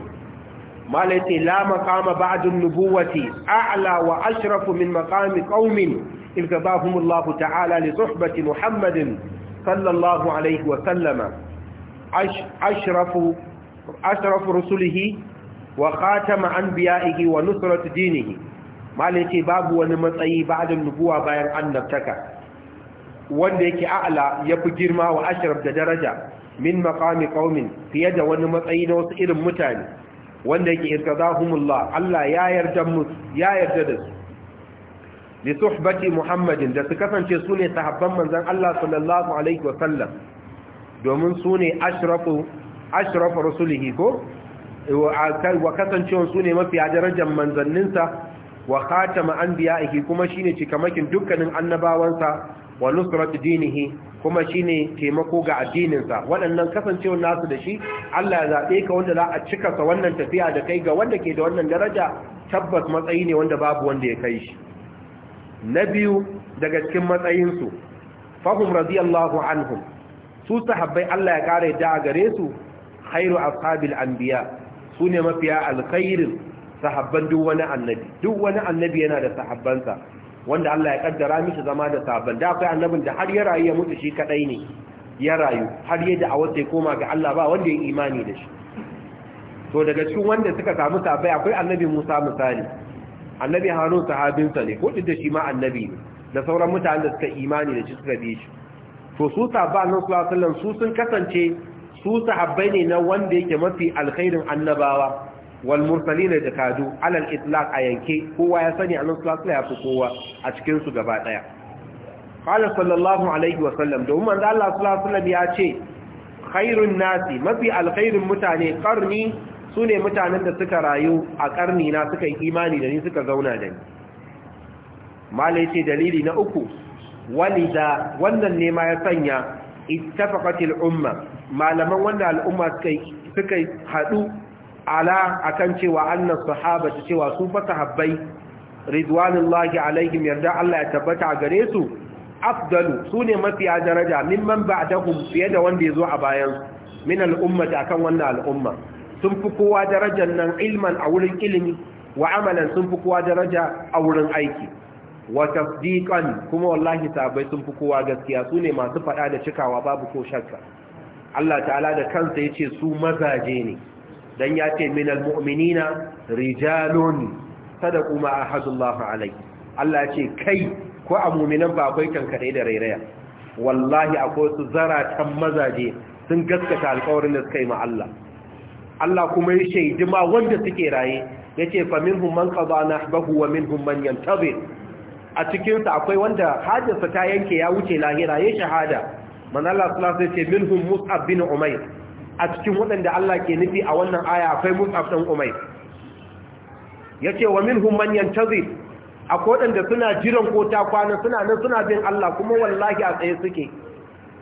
ce la maqama ba'da an-nubuwati a'la wa ashrafu min maqami qaumin ارتضاهم الله تعالى لصحبة محمد صلى الله عليه وسلم أشرف, أشرف رسله وخاتم أنبيائه ونصرة دينه malai babu wani matsayi ba'adin nubuwa bayan annabtaka wanda yake a'la yafi girma wa ashraf da daraja min maqami qaumin fiye da wani matsayi na wasu irin mutane wanda yake irtazahumullah Allah ya yarda da su li suhbati muhammadin da su kasance su ne sahabban manzan Allah sallallahu alaihi wa sallam domin su ne ashrafu ashrafu rusulihi ko wa kasancewa su ne mafi darajar manzanninsa wa khatama anbiya'ihi kuma shine cikamakin dukkanin annabawansa wa nusrat dinihi kuma shine taimako ga addininsa waɗannan kasancewa nasu da shi Allah ya zaɓe ka wanda za a cika sa wannan tafiya da kai ga wanda ke da wannan daraja tabbas matsayi ne wanda babu wanda ya kai shi na biyu daga cikin matsayinsu fahim radiyallahu anhum su sahabbai Allah ya kare da gare su khairu ashabil anbiya su ne mafiya alkhairin sahabban duk wani annabi duk wani annabi yana da sahabbansa wanda Allah ya kaddara mishi zama da sahabban da akwai annabin da har ya rayu ya mutu shi kadai ne ya rayu har ya da'awa sai koma ga Allah ba wanda ya imani da shi to daga cikin wanda suka samu sahabbai akwai annabi Musa misali annabi harun sahabinsa ne ko duk da shi ma annabi ne da sauran mutane da suka imani da shi suka bi shi to su sahabba annabi sallallahu alaihi su sun kasance su sahabbai ne na wanda yake mafi alkhairin annabawa wal mursalin da kadu alal itlaq a yanke kowa ya sani annabi sallallahu alaihi ya fi kowa a cikin su gaba daya qala sallallahu alaihi wa sallam da umman Allah sallallahu alaihi wasallam ya ce khairun nasi mafi alkhairin mutane qarni su ne mutanen da suka rayu a ƙarni na suka yi imani da ni suka zauna da ni malai ce dalili na uku walida wannan ne ma ya sanya ittafaqatil umma malaman wannan al'umma suka suka hadu ala akan cewa annas sahabata cewa su fa sahabbai ridwanullahi alaihim yarda Allah ya tabbata gare su afdalu sune mafiya daraja mimman ba'dahum fiye da wanda yazo a bayan min al'ummati akan wannan al'umma sun fi kowa darajar nan ilman a wurin ilimi wa amalan sun fi kowa daraja a wurin aiki wa tasdiqan kuma wallahi sabai sun fi kowa gaskiya su ne masu faɗa da cikawa babu ko shakka Allah ta'ala da kansa yace su mazaje ne dan yace minal mu'minina rijalun sadaqu ma ahadullahu alai Allah yace kai ko a mu'minan ba kanka kankare da rairaya wallahi akwai su zaratan mazaje sun gaskata alƙawarin da suka yi ma Allah Allah kuma ya shaidima ma wanda suke raye ce fa minhum man na bahu wa minhum man yantazir a cikin akwai wanda hajjarsa ta yanke ya wuce lahira ya shahada man Allah sallallahu alaihi wasallam minhum mus'ab bin umayr a cikin waɗanda Allah ke nufi a wannan aya akwai mus'ab umai umayr yace wa minhum man yantazir akwai waɗanda suna jiran ko ta kwana suna nan suna bin Allah kuma wallahi a tsaye suke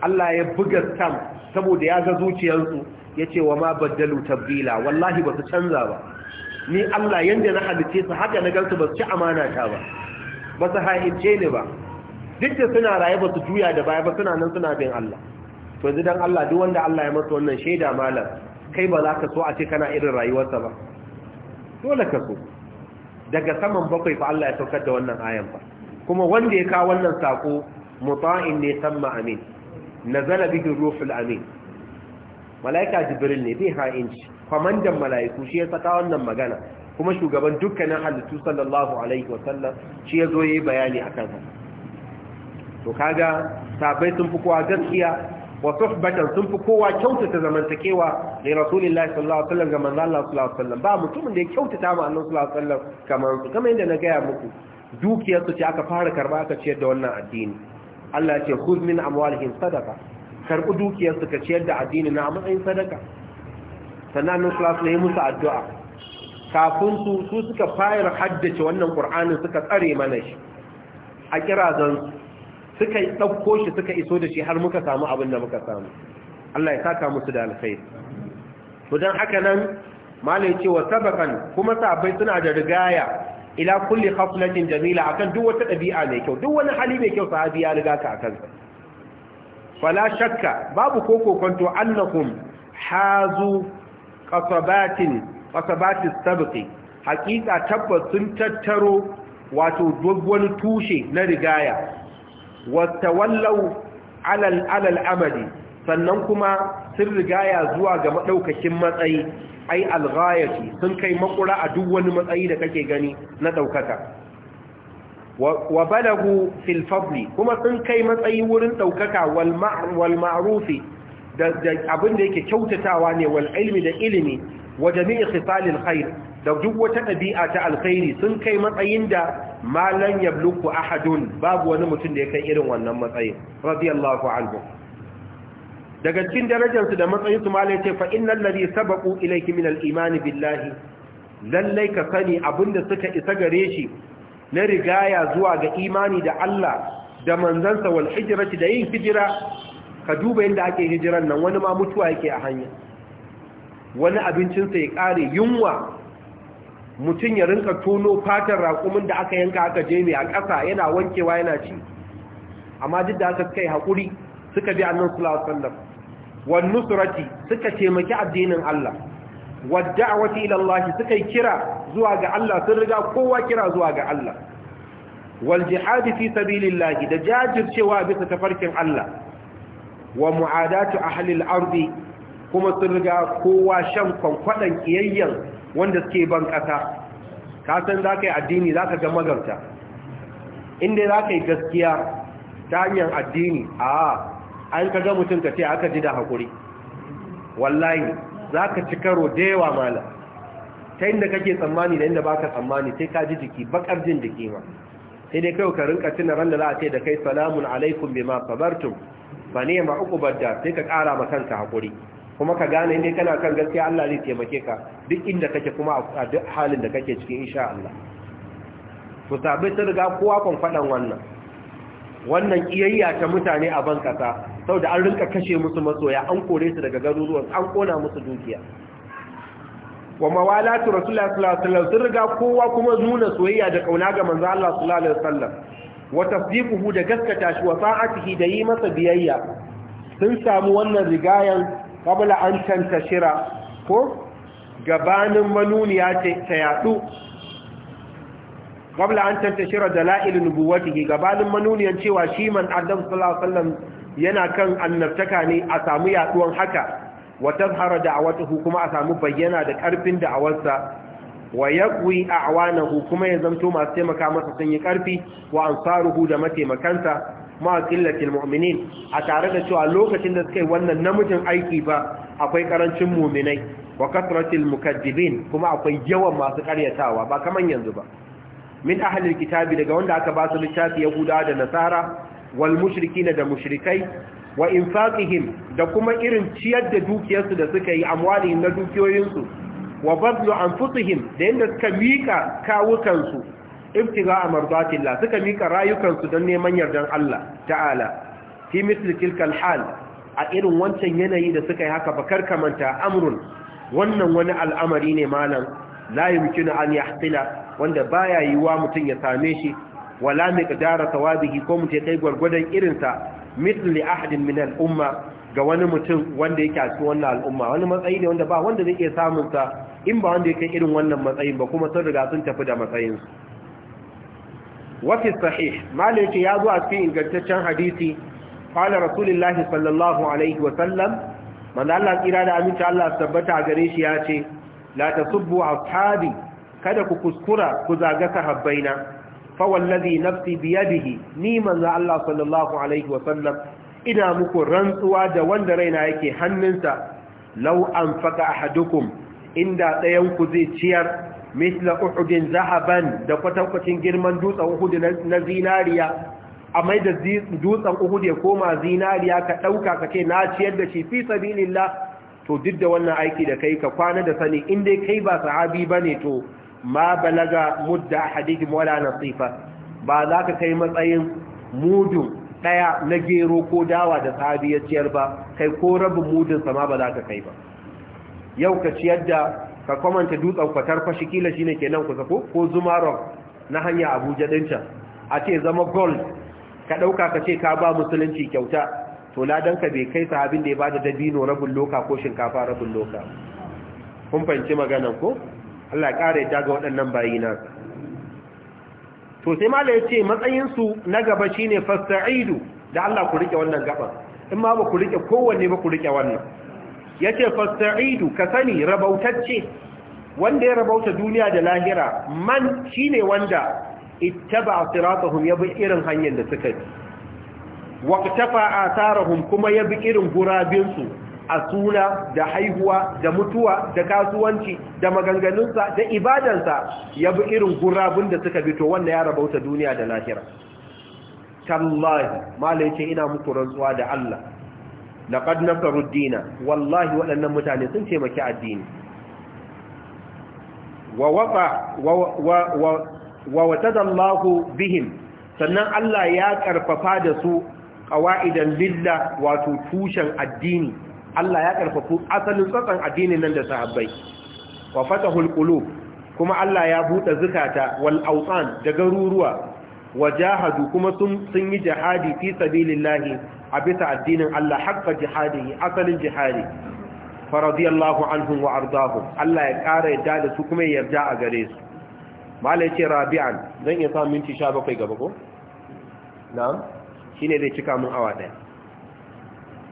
Allah ya buga stamp saboda ya ga zuciyarsu ya ce wa ma baddalu tabbila wallahi ba su canza ba ni Allah yadda na halice su haka na gansu ba su ci amana ta ba ba su ha'ince ni ba duk da suna raye ba su juya da baya ba suna nan suna bin Allah to yanzu dan Allah duk wanda Allah ya masa wannan shaida malam kai ba za ka so a ce kana irin rayuwarsa ba dole ka so daga saman bakwai fa Allah ya saukar da wannan ayan fa kuma wanda ya kawo wannan sako muta'in ne tamma amin nazala bigin Rufin amin malaika jibril ne bai ha'inci kwamandan malaiku shi ya saka wannan magana kuma shugaban dukkanin halittu sallallahu alaihi wasallam shi ya zo yi bayani akan sa to kaga sabai sun fi kowa gaskiya wa suhbatan sun fi kowa kyautata zamantakewa da rasulullahi sallallahu alaihi wasallam ga manzo Allah sallallahu alaihi wasallam ba mutumin da ya kyautata ma Allah sallallahu alaihi wasallam kamar su kamar yadda na gaya muku dukiyar su ce aka fara karba aka ciyar da wannan addini Allah ya ce khudh min amwalihim sadaqa karbu dukiyar su ka ciyar da addini na matsayin sadaka sannan nan class ne musu addu'a kafin su su suka fara haddace wannan qur'ani suka tsare mana shi a kirazan suka dauko shi suka iso da shi har muka samu abin da muka samu Allah ya saka musu da alkhairi to dan haka nan malai ce wa sabakan kuma sabai suna da rigaya ila kulli khaflatin jamila akan duk wata dabi'a mai kyau duk wani hali mai kyau sahabi ya riga ka akan fala shakka babu ko kokonto annahum hazu qasabatin qasabatis sabqi hakika tabbas sun tattaro wato duk wani tushe na rigaya wa tawallau alal alal amadi sannan kuma sun rigaya zuwa ga maɗaukakin matsayi ai alghayati sun kai makura a duk wani matsayi da kake gani na ɗaukaka wa balagu fil fadli kuma sun kai matsayi wurin ɗaukaka wal ma'rufi da abin da yake kyautatawa ne wal ilmi da ilimi wa jami'i khisalil khair da duk wata ɗabi'a ta alkhairi sun kai matsayin da malan yabluku ahadun babu wani mutum da ya kai irin wannan matsayin radiyallahu anhu daga cikin darajarsu da matsayin su malai ce fa innal ladhi sabaqu ilayki min al billahi lallai ka sani abinda suka isa gare shi na rigaya zuwa ga imani da Allah da manzansa wal hijrati da yin hijira ka duba yadda ake hijiran nan wani ma mutuwa yake a hanya wani abincinsa ya kare yunwa mutum ya rinka tono fatan raƙumin da aka yanka aka je mai a ƙasa yana wankewa yana ci amma duk da aka kai haƙuri suka bi annan sallallahu alaihi wan suka taimaki addinin Allah Wadda a ila Allah suka yi kira zuwa ga Allah sun riga kowa kira zuwa ga Allah wal jihad fi sabilillah da jajircewa bisa tafarkin Allah wa mu'adatu ahli al-ardi kuma sun riga kowa shan kwankwadan kiyayyan wanda suke ban kasa ka san zaka yi addini zaka ga magauta inda zaka yi gaskiya ta hanyar addini a an kaga mutum ka ce aka ji da haƙuri wallahi za ka ci karo da yawa mala ta inda kake tsammani da inda baka tsammani sai ka ji jiki bakar jin jiki ma sai dai kai ka rinka tuna ran da za a ce da kai salamun alaikum bima sabartum fa ne ma uku badda sai ka ƙara ma kanka haƙuri kuma ka gane inda kana kan gaskiya Allah zai taimake ka duk inda kake kuma a duk halin da kake cikin insha Allah to sabai ta riga kowa kon faɗan wannan wannan kiyayya ta mutane a ban kasa saboda an rinka kashe musu masoya an kore su daga garuruwan an kona musu dukiya wa mawalatu rasulullahi sallallahu alaihi wasallam sun riga kowa kuma nuna soyayya da kauna ga manzo Allah sallallahu alaihi wasallam wa tasdiquhu da gaskata shi wa sa'atihi da yi masa biyayya sun samu wannan rigayan qabla an tantashira ko gabanin manuniya ta yadu qabla an tantashira dalail nubuwatihi gabanin manuniyan cewa shi man Adam sallallahu alaihi wasallam yana kan annabtaka ne a samu yaduwan haka wa tazhara da'awatuhu kuma a samu bayyana da karfin da'awarsa wa yaqwi a'wanahu kuma ya zanto masu taimaka masa sun yi karfi wa ansaruhu da mataimakansa ma qillatil mu'minin a tare da cewa lokacin da suka yi wannan namijin aiki ba akwai karancin mu'minai wa kasratil mukaddibin kuma akwai yawan masu karyatawa ba kaman yanzu ba min ahlil kitabi daga wanda aka ba su littafi yahudawa da nasara wal mushrikina da mushrikai wa infaqihim da kuma irin ciyar da dukiyarsu da suka yi amwalihim na dukiyoyinsu wa badlu anfusihim da yanda suka mika kawukansu a amardatillah suka mika rayukansu don neman yardan Allah ta'ala fi misli hal a irin wancan yanayin da suka yi haka bakar kamanta amrun wannan wani al'amari ne malam la yumkinu an yahtila wanda baya yiwa mutum ya same shi wala dara thawabihi ko mutai kai gurgurdan irinsa mithl li ahadin min al'umma ga wani mutum wanda yake a wannan al'umma wani matsayi ne wanda ba wanda zai iya samun sa in ba wanda yake irin wannan matsayin ba kuma sun riga sun tafi da matsayin su wa fi sahih malaki ya zo a cikin ingantaccen hadisi qala rasulullahi sallallahu alaihi wa sallam manzo Allah kira da aminci Allah tabbata gare shi ya ce la tasubbu ashabi kada ku kuskura ku zaga sahabbaina fawallazi nafsi biyadihi ni manzo Allah sallallahu alaihi wa sallam ina muku rantsuwa da wanda raina yake hannunsa law anfaqa ahadukum inda dayan ku zai ciyar misla uhudin zahaban da kwatankwacin girman dutsen uhud na zinariya amma da dutsen uhud ya koma zinariya ka dauka ka ce na ciyar da shi fi sabilillah to duk da wannan aiki da kai ka kwana da sani in dai kai ba sahabi bane to ma balaga mudda ahadihim wala nasifa ba za ka kai matsayin mudun daya na gero ko dawa da sahabi ciyar ba kai ko rabin mudun sama ba za ka kai ba yau ka ciyar da ka kwamanta dutsen kwatar fashi kila shine kenan kusa ko ko zumarok na hanya abuja dinta a ce zama gold ka dauka ka ce ka ba musulunci kyauta to ka bai kai sahabin da ya bada dabino rabin loka ko shinkafa rabin loka kun fahimci maganan ko Allah ƙara ya ga waɗannan bayina to sai mala ya ce matsayinsu na gaba shi ne fasta'idu da Allah ku riƙe wannan gaban in ma ba ku riƙe kowanne ba ku riƙe wannan ya ce fasta'idu ka sani rabautacce wanda ya rabauta duniya da lahira man shi ne wanda ittaba siratahum ya bi irin hanyar da suka yi. bi a atharahum kuma ya bi irin gurabinsu a suna da haihuwa da mutuwa da kasuwanci da maganganunsa da ibadansa ya bi irin gurabun da suka bito wannan ya rabauta duniya da lahira tallahi malai ce ina muku rantsuwa da Allah laqad nasaru dina wallahi waɗannan mutane sun taimaki addini wa wata zallahu bihin sannan Allah ya ƙarfafa da su ƙawa'idan lilla wato tushen addini Allah ya karfafu asalin tsatsan addinin nan da sahabbai wa fatahul qulub kuma Allah ya buɗe zukata wal awtan da garuruwa wajahadu kuma sun sun yi jihadi fi sabilillahi a bisa addinin Allah haqqa jihadi asalin jihadi Faradiyallahu radiyallahu anhum wa ardahum Allah ya ƙara yadda da su kuma ya yarda a gare su malai ce rabi'an zan iya sa minti 17 gaba ko na'am shine zai cika mun awa ɗaya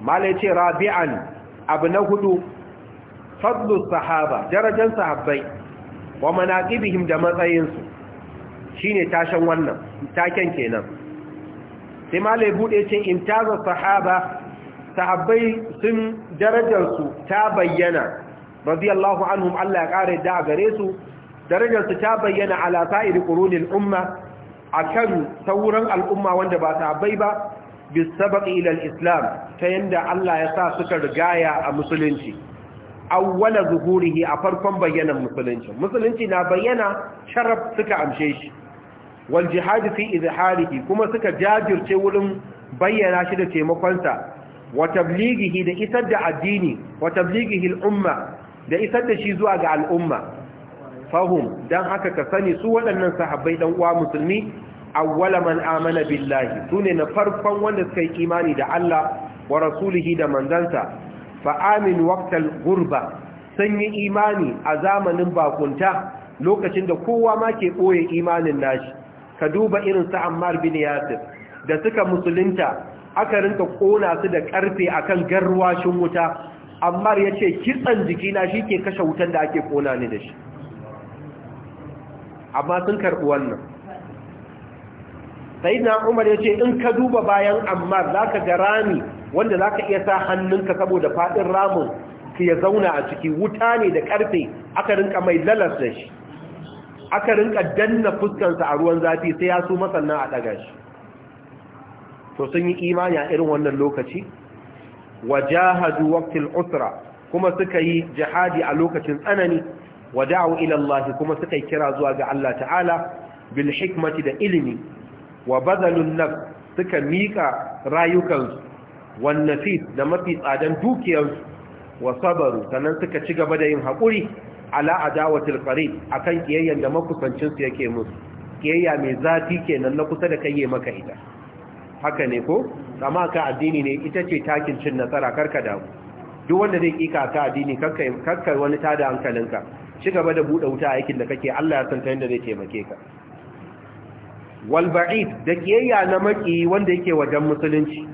mala ce rabi'an abu na hudu fadlu sahaba darajar sahabbai wa manaqibihim da matsayinsu shine tashan wannan taken kenan sai mala bude ce intaza sahaba sahabbai sun darajarsu ta bayyana radiyallahu anhum Allah ya kare da gare su darajarsu ta bayyana ala sa'iri qurunil umma akan sauran al'umma wanda ba sahabbai ba bisabaq ila al-islam ta yadda Allah ya sa suka rigaya a musulunci awwala zuhurihi a farkon bayyanan musulunci musulunci na bayyana sharaf suka amshe shi wal sun fi izharihi kuma suka jajirce wurin bayyana shi da taimakonsa wa tablighihi da isar da addini wa tablighihi umma da isar da shi zuwa ga al'umma fahum dan haka ka sani su waɗannan sahabbai ɗan uwa musulmi awwala man amana billahi sune na farkon wanda suka yi imani da Allah wa rasulihi da manzansa fa amin waqtal gurba sun yi imani a zamanin bakunta lokacin da kowa ma ke boye imanin nashi ka duba irin su Ammar bin Yasir da suka musulunta aka rinka kona su da karfe akan garwashin wuta Ammar yace kitsan jikina shike kashe wutan da ake kona ni da shi amma sun karbi wannan na umar ya ce in ka duba bayan ammar zaka ga rami wanda za ka iya sa hannunka saboda faɗin ramin ya zauna a ciki wuta ne da karfe aka rinka mai lalas da shi aka rinka danna fuskansa a ruwan zafi sai ya su masannan a ɗaga shi to sun yi imani a irin wannan lokaci wajahadu waqtil usra kuma suka yi jihadi a lokacin tsanani wada'u ila Allah kuma suka kira zuwa ga Allah ta'ala bil hikmati da ilimi wa bazalun naf suka mika rayukansu wan fi da mafi tsadan dukiyarsu wa sabaru sannan suka ci gaba da yin haƙuri ala adawatil qarib akan kiyayyan da makusancin su yake musu kiyayya mai zafi kenan na kusa da kai maka ita haka ne ko amma ka addini ne ita ce takin cin nasara karka damu duk wanda zai kika ka addini karka wani tada hankalinka ci gaba da buɗe wuta aikin da kake Allah ya san ta yadda zai taimake ka walba'id da kiyayya na maki wanda yake wajen musulunci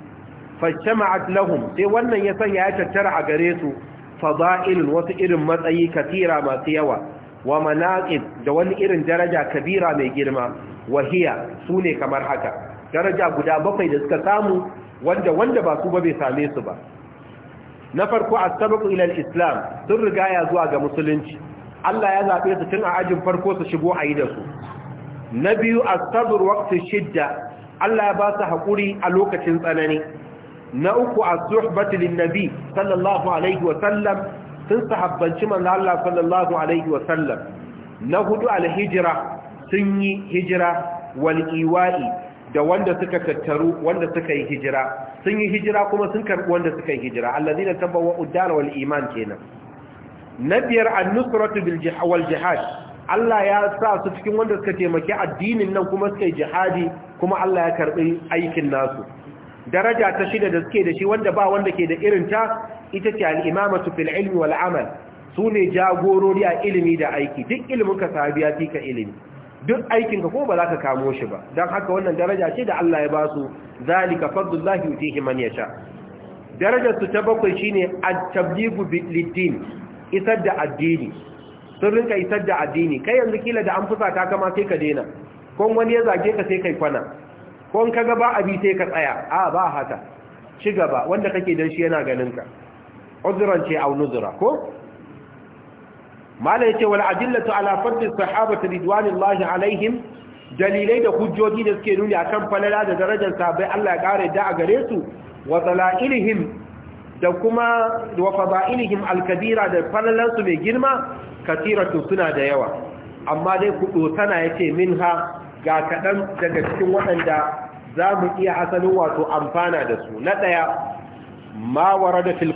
fashama'at lahum sai wannan ya sanya ya tattara a gare su fada'il wasu irin matsayi katira masu yawa wa manaqib da wani irin daraja kabira mai girma wahiya sune kamar haka daraja guda bakwai da suka samu wanda wanda ba su ba bai same su ba na farko as-sabaqu ila al-islam sun rigaya zuwa ga musulunci Allah ya zabe su tun a ajin farko su shigo ayi da su na biyu a sabr waqti shidda Allah ya ba su a lokacin tsanani na uku a suhbatu nabi sallallahu alaihi wa sallam sun sahabbanci manzo Allah sallallahu alaihi wa sallam na hudu al sun yi hijira wal iwa'i da wanda suka tattaru wanda suka yi hijira sun yi hijira kuma sun karbi wanda suka yi hijira allazina tabawwa'u ad wal iman kenan na biyar an-nusratu bil jihad wal jihad Allah ya sa su cikin wanda suka taimaki addinin nan kuma suka yi jihadi kuma Allah ya karɓi aikin nasu daraja ta shida da suke da shi wanda ba wanda ke da irin ta, ita ce al'imamatu fil ilmi wal amal su ne jagorori a ilimi da aiki duk ilimin ka sabiya fi ka ilimi duk aikin ka kuma ba za ka kamo shi ba dan haka wannan daraja ce da Allah ya ba su zalika fadlullahi yutihi man yasha darajar su ta bakwai shine at-tabligu bil din isar da addini sun rinka isar da addini kai yanzu kila da an fusata kama sai ka daina ko wani ya zage ka sai kai kwana ko ka ga ba abi sai ka tsaya a ba haka ci gaba wanda kake dan shi yana ganin ka uzran ce au nuzra ko mala yace wal adillatu ala fadli sahabati ridwanillahi alaihim dalilai da hujjoji da suke nuni akan falala da darajar sahabbai Allah ya kare da a gare su wa dalailihim da kuma wa fadailihim alkabira da falalansu mai girma katiratu suna da yawa amma dai kudo tana yace ha, ga kadan daga cikin waɗanda za mu iya asalin wato amfana da su na ɗaya ma da fil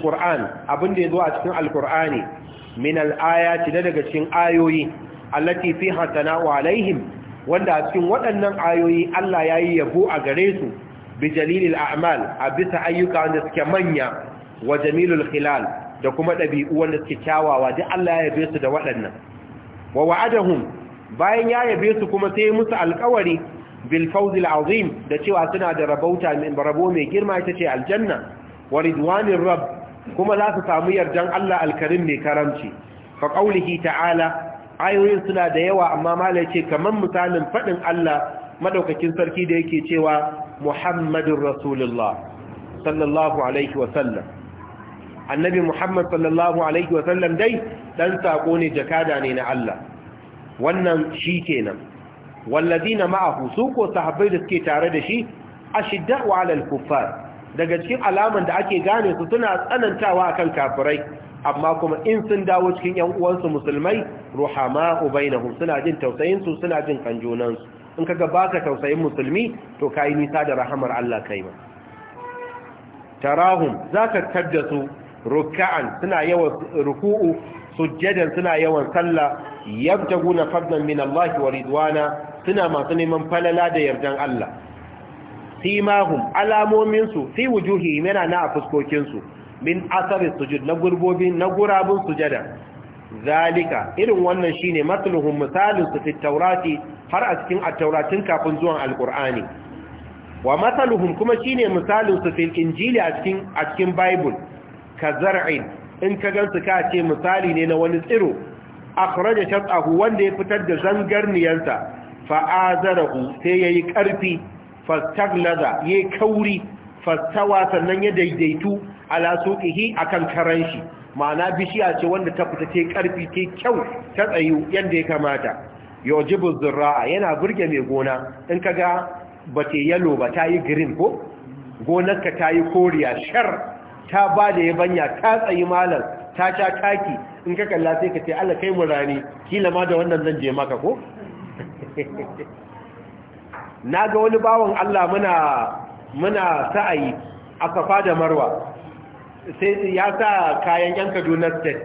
abin da yazo a cikin Alƙur'ani, min alayati da daga cikin ayoyi allati fiha tana'u alaihim wanda a cikin waɗannan ayoyi Allah yayi yabo a gare su bi jalilil a'mal a bisa ayyuka wanda suke manya wa jamilul khilal da kuma ɗabi'uwan da suke kyawawa duk Allah ya su da waɗannan wa wa'adahum bayan ya yabe su kuma sai musu alƙawari bilfauzil azim da cewa suna da rabauta min rabo mai girma ita ce aljanna wa ridwanir rabb kuma za su samu yardan Allah alkarim mai karamci fa ta'ala ayoyin suna da yawa amma malai ce kaman misalin faɗin Allah madaukakin sarki da yake cewa Muhammadun rasulullah sallallahu alaihi wa sallam annabi Muhammad sallallahu alaihi wasallam dai ɗan sako ne jakada ne na Allah wannan shi kenan wallazina ma'ahu su ko sahabbai da suke tare da shi wa 'alal kuffar daga cikin alaman da ake gane su suna tsanantawa akan kafirai amma kuma in sun dawo cikin yan uwansu musulmai ruhama'u bainahum suna jin tausayin su suna jin kanjonan su in kaga baka tausayin musulmi to kai nisa da rahamar Allah kai ma tarahum zaka tadda su ruka'an suna yawan ruku'u sujjadan suna yawan sallah yabtaguna fadlan min Allah wa ridwana suna masu neman falala da yardan Allah simahum alamomin su fi wujuhi yana na a fuskokin su min asarin sujud na gurbobin na gurabun sujada zalika irin wannan shine matluhum misalin su fi taurati har a cikin attauratin kafin zuwan alqur'ani wa matluhum kuma shine misalin su fil injili a cikin a cikin bible ka zar'in in ka gansu ka ce misali ne na wani tsiro akhraja shat'ahu wanda ya fitar da zangarniyarsa fa'azarahu sai ya yayi karfi fastaglaza yi kauri fastawa sannan ya daidaitu ala a akan karan shi ma'ana bishiya ce wanda ta fita ce ƙarfi, ce kyau ta tsayu yadda ya kamata yujibu zurra'a yana burge mai gona in ka ga ba bace yalo ba ta yi green ko gonarka ta yi koriya shar ta ba da yabanya ta tsayi malam ta sha taki in ka kalla sai ka ce Allah kai mu rani kila ma da wannan zan je maka ko *laughs* na ga wani bawan Allah muna muna sa'ayi a kafa da marwa sai ya sa kayan yan kaduna state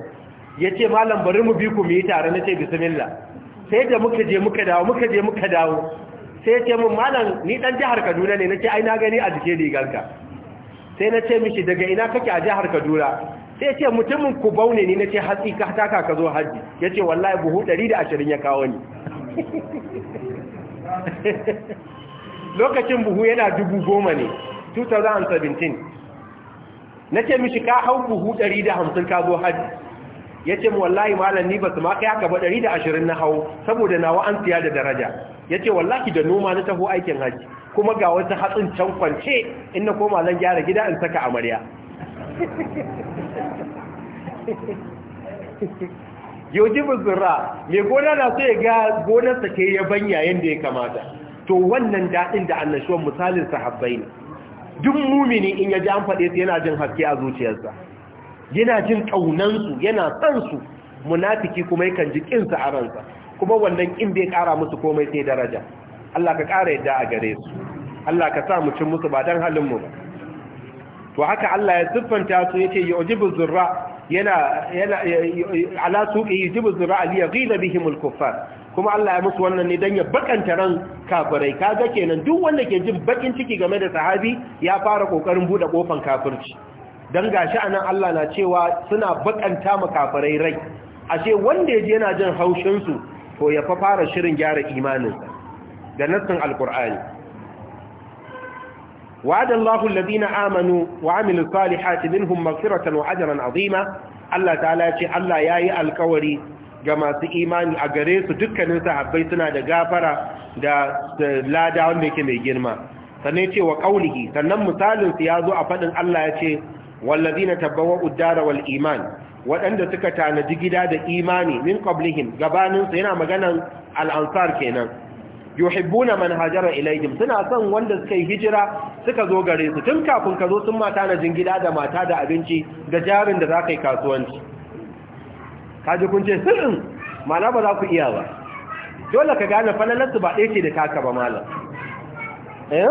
ya ce malam bari mu bi ku mu yi tare na ce bismillah sai da muka je muka dawo muka je muka dawo sai ya ce mun malam ni dan jihar kaduna ne nake ai na gani a jike rigarka sai na ce mishi daga ina kake a jihar kaduna sai ce mutumin ku baune ni na ce hatsi ka taka ka zo hajji ya ce wallahi buhu 120 ya kawo ni *laughs* lokacin buhu yana dubu goma ne 2017 na ce mishi ka hau buhu 150 ka zo hajji ya ce wallahi malam ni ba su ma ya haka ba 120 na hau saboda nawa an siya da daraja ya ce wallahi da noma na taho aikin hajji kuma ga wata hatsin can kwance in na koma zan gyara gida in saka amarya yojibin zurra mai gona na so ya ga gonarsa ke banya yadda ya kamata to wannan daɗin da annashuwan misalin sahabbai ne duk mumini in ya ji an faɗe yana jin haske a zuciyarsa yana jin ƙaunansu yana san su munafiki kuma yakan ji ƙinsa a ransa kuma wannan ƙin bai ƙara musu komai sai daraja Allah ka ƙara yadda a gare su Allah ka sa mucin musu ba dan halin mu ba to haka Allah ya siffanta su ya ce, ya'u jibin zurra yana yana ala yi jibin zurra al yaghina bihim al kuma Allah ya musu wannan ne don ya bakanta ran kafirai ga kenan duk wanda ke jin bakin ciki game da sahabi ya fara kokarin buɗe ƙofan kafirci dan gashi anan Allah na cewa suna bakanta ma kafirai rai ashe wanda ya ji yana jin haushinsu su to ya fa fara shirin gyara imaninsa da nassin alkur'ani wa'ada Allahu alladhina amanu wa amilu salihati minhum maghfiratan wa ajran azima Allah ta'ala ya ce Allah yayi alkawari ga masu imani a gare su dukkanin sahabbai suna da gafara da lada wanda yake mai girma sannan ce wa qaulihi sannan misalin su yazo a fadin Allah ya ce wallazina tabawwa'u ad wal iman waɗanda suka tanadi gida da imani min qablihim gabanin su yana maganan al-ansar kenan yuhibbuna man hajara ilaihim suna son wanda suka yi hijira suka zo gare su tun kafin ka zo sun mata na jingida da mata da abinci da jarin da zakai yi kasuwanci kaji kun ce sirrin mana ba za ku iya ba dole ka gane falalarsu ba ɗaya ce da taka ba malam eh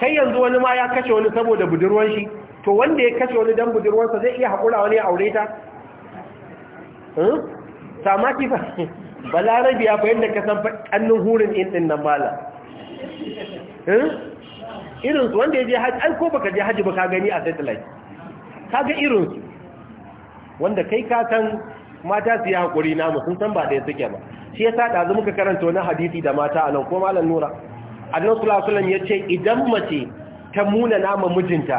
kai yanzu wani ma ya kashe wani saboda budurwan shi to wanda ya kashe wani dan budurwansa zai iya haƙura wani ya aure ta? Eh? samaki ba balarabi ya fahimta ka san kannun hurin in din nan mala hmm? irinsu wanda ya je hajji ai ko baka je hajji ba ka gani a satellite ka ga irinsu wanda kai ka san mata su yi haƙuri namu sun san ba ɗaya suke ba shi ya saɗa zama muka karanta wani hadisi da mata a nan ko malam nura annan sulasulam ya ce idan mace ta muna nama mijinta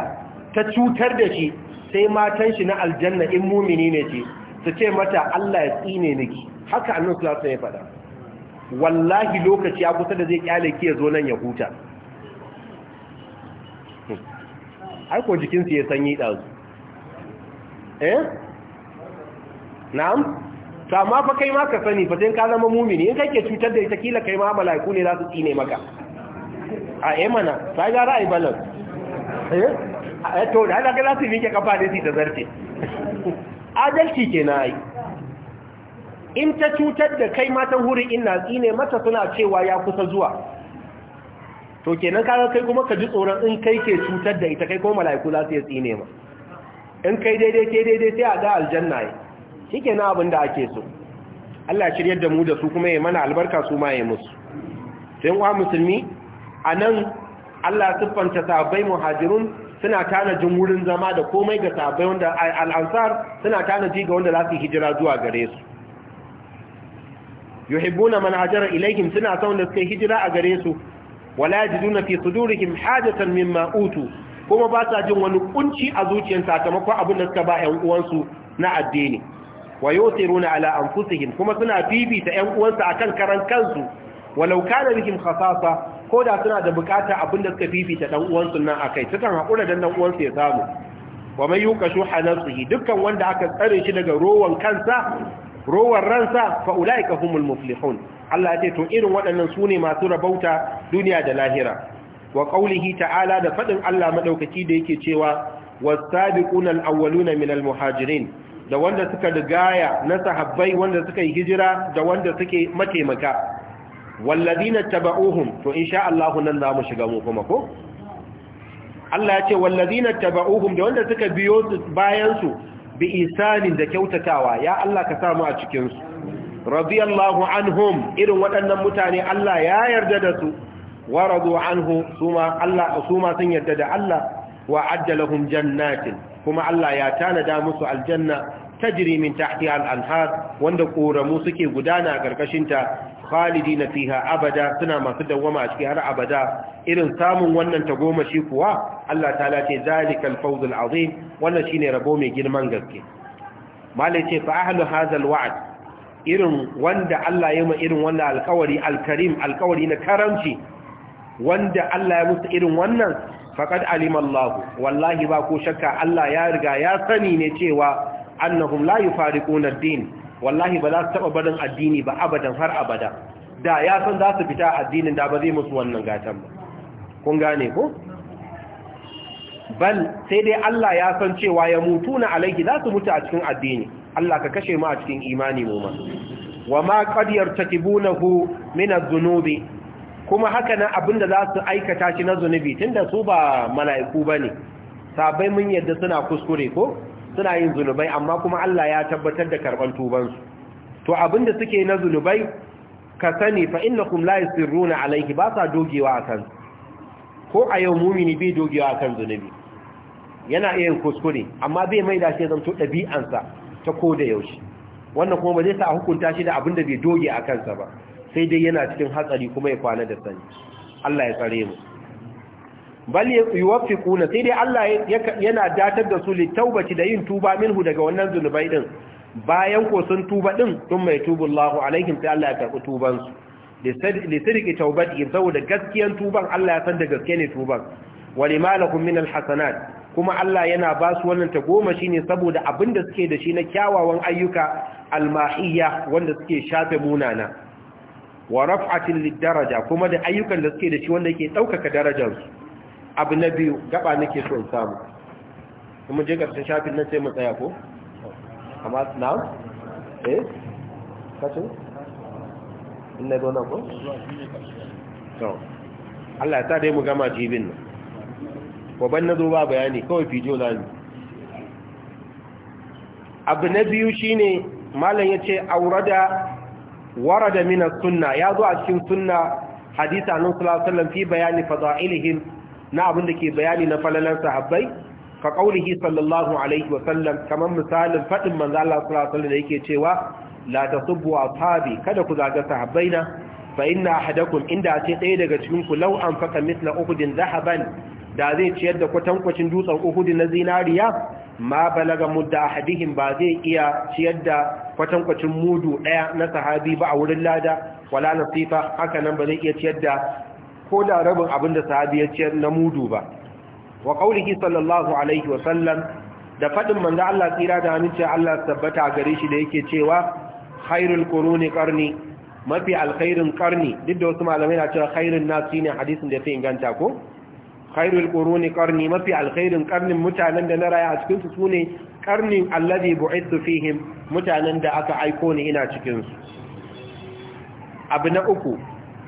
ta cutar da shi sai matan shi na aljanna in mumini ne ce su ce mata allah ya tsine niki haka annon sallallahu ya faɗa wallahi lokaci ya kusa da zai kyale ki ya zo nan ya huta hmm. aiko jikinsu ya sanyi ɗazu eh na'am ta ma fa kai ma ka sani fa sai ka zama mumini in kake cutar da ita kila kai ma mala'iku ne za su tsine maka a eh mana sai ga ra'ayi balan eh? eh to da ga za su ke kafa da su ta zarce *laughs* adalci kenan ai in ta cutar da kai matan huri ina tsine mata suna cewa ya kusa zuwa to kenan kaga kai kuma ka ji tsoron in kai ke cutar da ita kai kuma mala'iku za su yi tsine ma in kai daidai ke daidai sai a ga aljanna yi shi na abin da ake so Allah shiryar da mu da su kuma ya mana albarka su ma ya musu sai wa musulmi a nan Allah siffanta sahabbai muhajirun suna tanajin wurin zama da komai ga sahabbai wanda al'ansar suna tanaji ga wanda za su hijira zuwa gare su yuhibbuna man hajara ilaihim suna son da suka hijira a gare su wala yajiduna fi sudurihim hajatan mimma utu kuma ba sa jin wani kunci a zuciyar sakamakon abin da suka ba ƴan uwansu na addini wa yusiruna ala anfusihim kuma suna fifita ƴan uwansu akan karan kansu walau kana bihim khasasa ko da suna da bukata abin da suka fifita dan uwansu nan akai sukan hakura dan dan uwansu ya samu wa man yuqashu nafsihi dukkan wanda aka tsare shi daga rowan kansa rowar ransa fa ulaika humul muflihun Allah ce to irin waɗannan su ne masu rabauta duniya da lahira wa qaulihi ta'ala da faɗin Allah maɗaukaki da yake cewa was-sabiquna al-awwaluna minal muhajirin da wanda suka rigaya na sahabbai wanda suka yi hijira da wanda suke mataimaka wallazina taba'uhum to insha Allah nan za mu shiga mu kuma ko Allah ya ce wallazina taba'uhum da wanda suka biyo bayan su bi isanin da kyautatawa ya Allah ka samu a cikinsu radiyallahu anhum irin waɗannan mutane Allah ya yarda da su wa radu anhu suma Allah suma sun yarda da Allah wa ajjalahum jannatin kuma Allah ya tanada musu aljanna tajri min tahtiha al-anhar wanda koramu suke gudana a karkashin ta na fiha abada suna masu dawwama a cikin har abada irin samun wannan tagomashi kuwa Allah ta'ala ce zalikal fawzul azim wannan shine rabo mai girman gaske malai ce fa ahlu hadzal wa'd irin wanda Allah ya ma irin wannan alkawari karim alkawari na karamci wanda Allah ya musu irin wannan faqad alima Allah wallahi ba ko shakka Allah ya riga ya sani ne cewa annahum la yufariquna ad-din wallahi ba za su taɓa barin addini ba abadan har abada da ya san za su fita addinin da ba zai musu wannan gatan ba kun gane ko bal sai dai Allah ya san cewa ya mutu na alaihi za su mutu a cikin addini Allah ka kashe mu a cikin imani mu ma wa ma qad yartakibunahu min adh-dhunubi kuma haka nan abinda za su aikata shi na zunubi tunda su ba mala'iku bane sabai mun yadda suna kuskure ko suna yin zunubai amma kuma Allah ya tabbatar da karban tubansu to abin da suke na zunubai ka sani fa innakum la yusirruna alayhi ba sa dogewa akan ko a yau mumini bai dogewa akan zunubi yana iya yin kuskure amma bai mai da shi zanto ɗabi'ansa ta ko da yaushe wannan kuma ba zai sa hukunta shi da abin da bai doge a kansa ba sai dai yana cikin hatsari kuma ya kwana da sani Allah ya tsare mu bal yuwaffiquna sai dai Allah yana datar da su litaubati da yin tuba minhu daga wannan zunubai din bayan ko sun tuba din tun mai tubullahu alaihim sai Allah ya karbi tuban su saboda gaskiyan tuban Allah ya san da gaske ne tuban walima lakum min alhasanat kuma Allah yana ba su wannan tagomashi ne saboda abinda suke da shi na kyawawan ayyuka almahiyya wanda suke shafe munana wa raf'atin lidaraja kuma da ayyukan da suke da shi wanda yake daukaka darajar su abu na biyu gaba nake so in samu kuma je karshen shafin nan sai mu tsaya ko amma na eh kace in na gona ko to Allah ya sa dai mu gama jibin nan waban na zo ba bayani kawai fijo na ne abu na biyu shine malam yace aurada warada min sunna ya zo a cikin sunna hadisi annabi sallallahu alaihi wasallam fi bayani fadailihim na abin da ke bayani na falalar sahabbai ka kaulihi sallallahu alaihi wa sallam kamar misalin faɗin manzo Allah sallallahu alaihi da yake cewa la tasubbu ashabi kada ku zaga sahabbaina fa inna ahadakum inda ce ɗaya daga cikin ku law an faka mithla uhudin zahaban da zai ciyar da kwatankwacin dutsen uhudin na zinariya ma balaga mudda ahadihim ba zai iya ciyar da kwatankwacin mudu ɗaya na sahabi ba a wurin lada wala nasifa haka nan ba zai iya ciyar da ko da rabin abin da sahabi ya ce na mudu ba wa qaulihi sallallahu alaihi wa sallam da fadin manzo Allah tsira da aminci, Allah tabbata gare shi da yake cewa khairul quruni qarni mafi alkhairin qarni duk da wasu malamai na cewa khairun nas shine hadisin da yake inganta ko khairul quruni qarni mafi alkhairin qarnin mutanen da na raya a cikin su sune qarnin allazi bu'ithu fihim mutanen da aka aiko ni ina cikin su abu na uku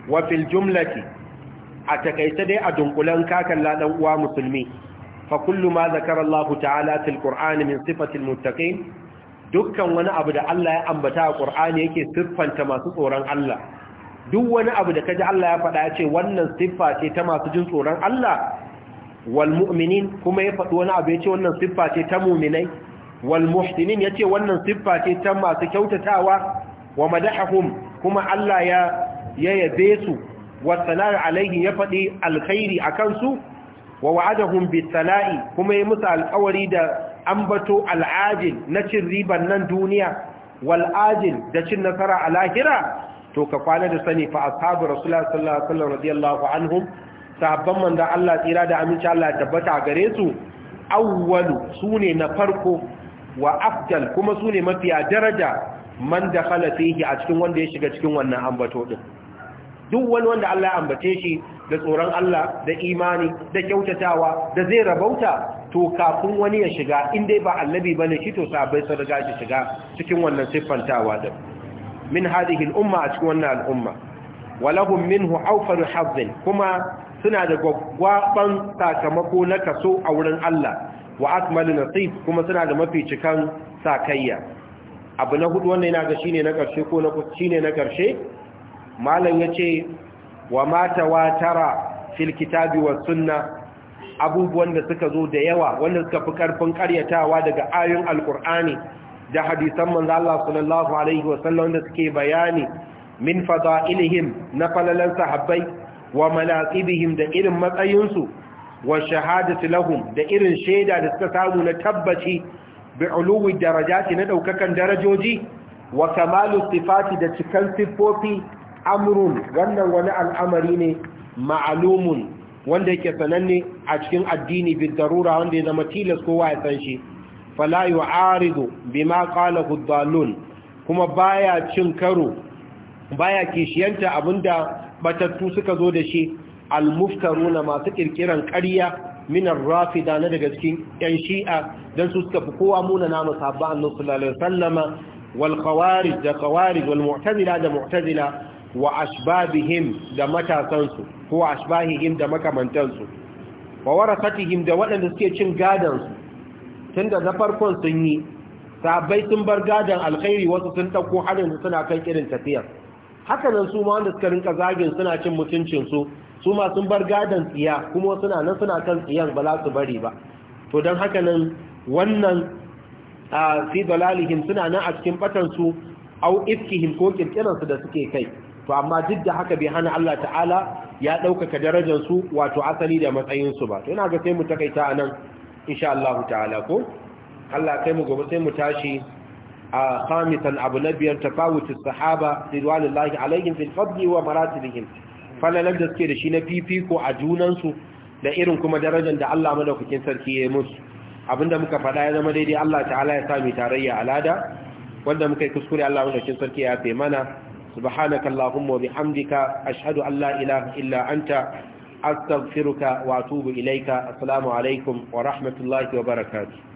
wa fil jumlati a takaice dai a dunkulen kakan ladan uwa musulmi fa kullu ma zakara Allah ta'ala fil qur'ani min sifatil muttaqin dukkan wani abu da Allah ya ambata a qur'ani yake siffanta masu tsoron Allah duk wani abu da kaji Allah ya faɗa ya ce wannan siffa ce ta masu jin tsoron Allah wal mu'minin kuma ya faɗi wani abu ya ce wannan siffa ce ta mu'minai wal muhtinin ya ce wannan siffa ce ta masu kyautatawa wa madahahum kuma Allah ya ya yabe su wasala'i alaihi ya faɗi alkhairi a kansu wa wa'adahum bisala'i kuma ya musu alkawari da ambato al'ajin na cin riban nan duniya wal'ajil da cin nasara a lahira to ka kwana da sani fa ashabu rasulullah sallallahu alaihi wasallam radiyallahu anhum sahabban da Allah tsira da aminci Allah ya tabbata gare su awwalu sune na farko wa afdal kuma sune mafiya daraja man dakhala fihi a cikin wanda ya shiga cikin wannan ambato din duk wani wanda Allah ya ambace shi da tsoron Allah da imani da kyautatawa da zai rabauta to kafin wani ya shiga in dai ba annabi ne shi to sahabbai sun riga shi shiga cikin wannan siffantawa da. min hadhihi umma a cikin wannan al'umma walahum minhu awfal hazzin kuma suna da gwaggwaban sakamako na kaso a wurin Allah wa akmalu nasib kuma suna da mafi cikan sakayya abu na hudu wannan yana ga shine na karshe ko na shine na karshe malam yace wa mata watara fil kitabi sunna abubuwan da suka zo da yawa wanda suka fi karfin karyatawa daga ayoyin alkur'ani da hadisan manzo Allah sallallahu alaihi Sallam da suke bayani min fada'ilihim na falalan sahabbai wa malaqibihim da irin matsayinsu wa shahadatu lahum da irin shaida da suka samu na tabbaci bi uluwi darajati na daukakan darajoji wa kamalu sifati da cikan siffofi amrun wannan wani al'amari ne ma'alumun wanda yake sananne a cikin addini bi darura wanda ya zama tilas kowa ya san shi fala yu'aridu bima qalahu hudalun kuma baya cin karo baya kishiyanta abinda batattu suka zo da shi al-muftaruna masu kirkiran ƙarya minar rafida na daga cikin ‘yan shi'a don su suka fi kowa muna namu sabbin annan sallallahu alaihi wasallama wal khawarij da khawarij wal mu'tazila da mu'tazila wa ashbabihim da matasansu ko ashbahihim da makamantansu wa warasatihim da waɗanda suke cin gadansu tunda na farkon sun yi sabai sun bar gadan alkhairi wasu sun ɗauko hannun suna kan irin tafiya haka nan su ma wanda suka rinka zagin suna cin mutuncin su ma sun bar gadan tsiya kuma suna nan suna kan tsiyan ba za su bari ba to don haka nan wannan a fi dalalihim suna nan a cikin batansu au iskihim ko kirkiransu da suke kai to amma duk da haka bai hana Allah ta'ala ya ɗaukaka darajarsu wato asali da matsayinsu ba to yana ga sai mu takaita a nan insha Allah ta'ala ko Allah kai mu gobe sai mu tashi a khamisan abu na biyar tafawutus sahaba ridwanullahi alaihim fil fadli wa maratibihim falalan da suke da shi na fifiko a junansu da irin kuma darajar da Allah madaukakin sarki ya yi musu abinda muka faɗa ya zama daidai Allah ta'ala ya sami tarayya alada wanda muka yi kuskure Allah madaukakin sarki ya fe mana subhanaka allahumma wa bihamdika ashhadu an la ilaha illa anta astaghfiruka wa atubu ilaika assalamu alaikum wa rahmatullahi wa barakatuh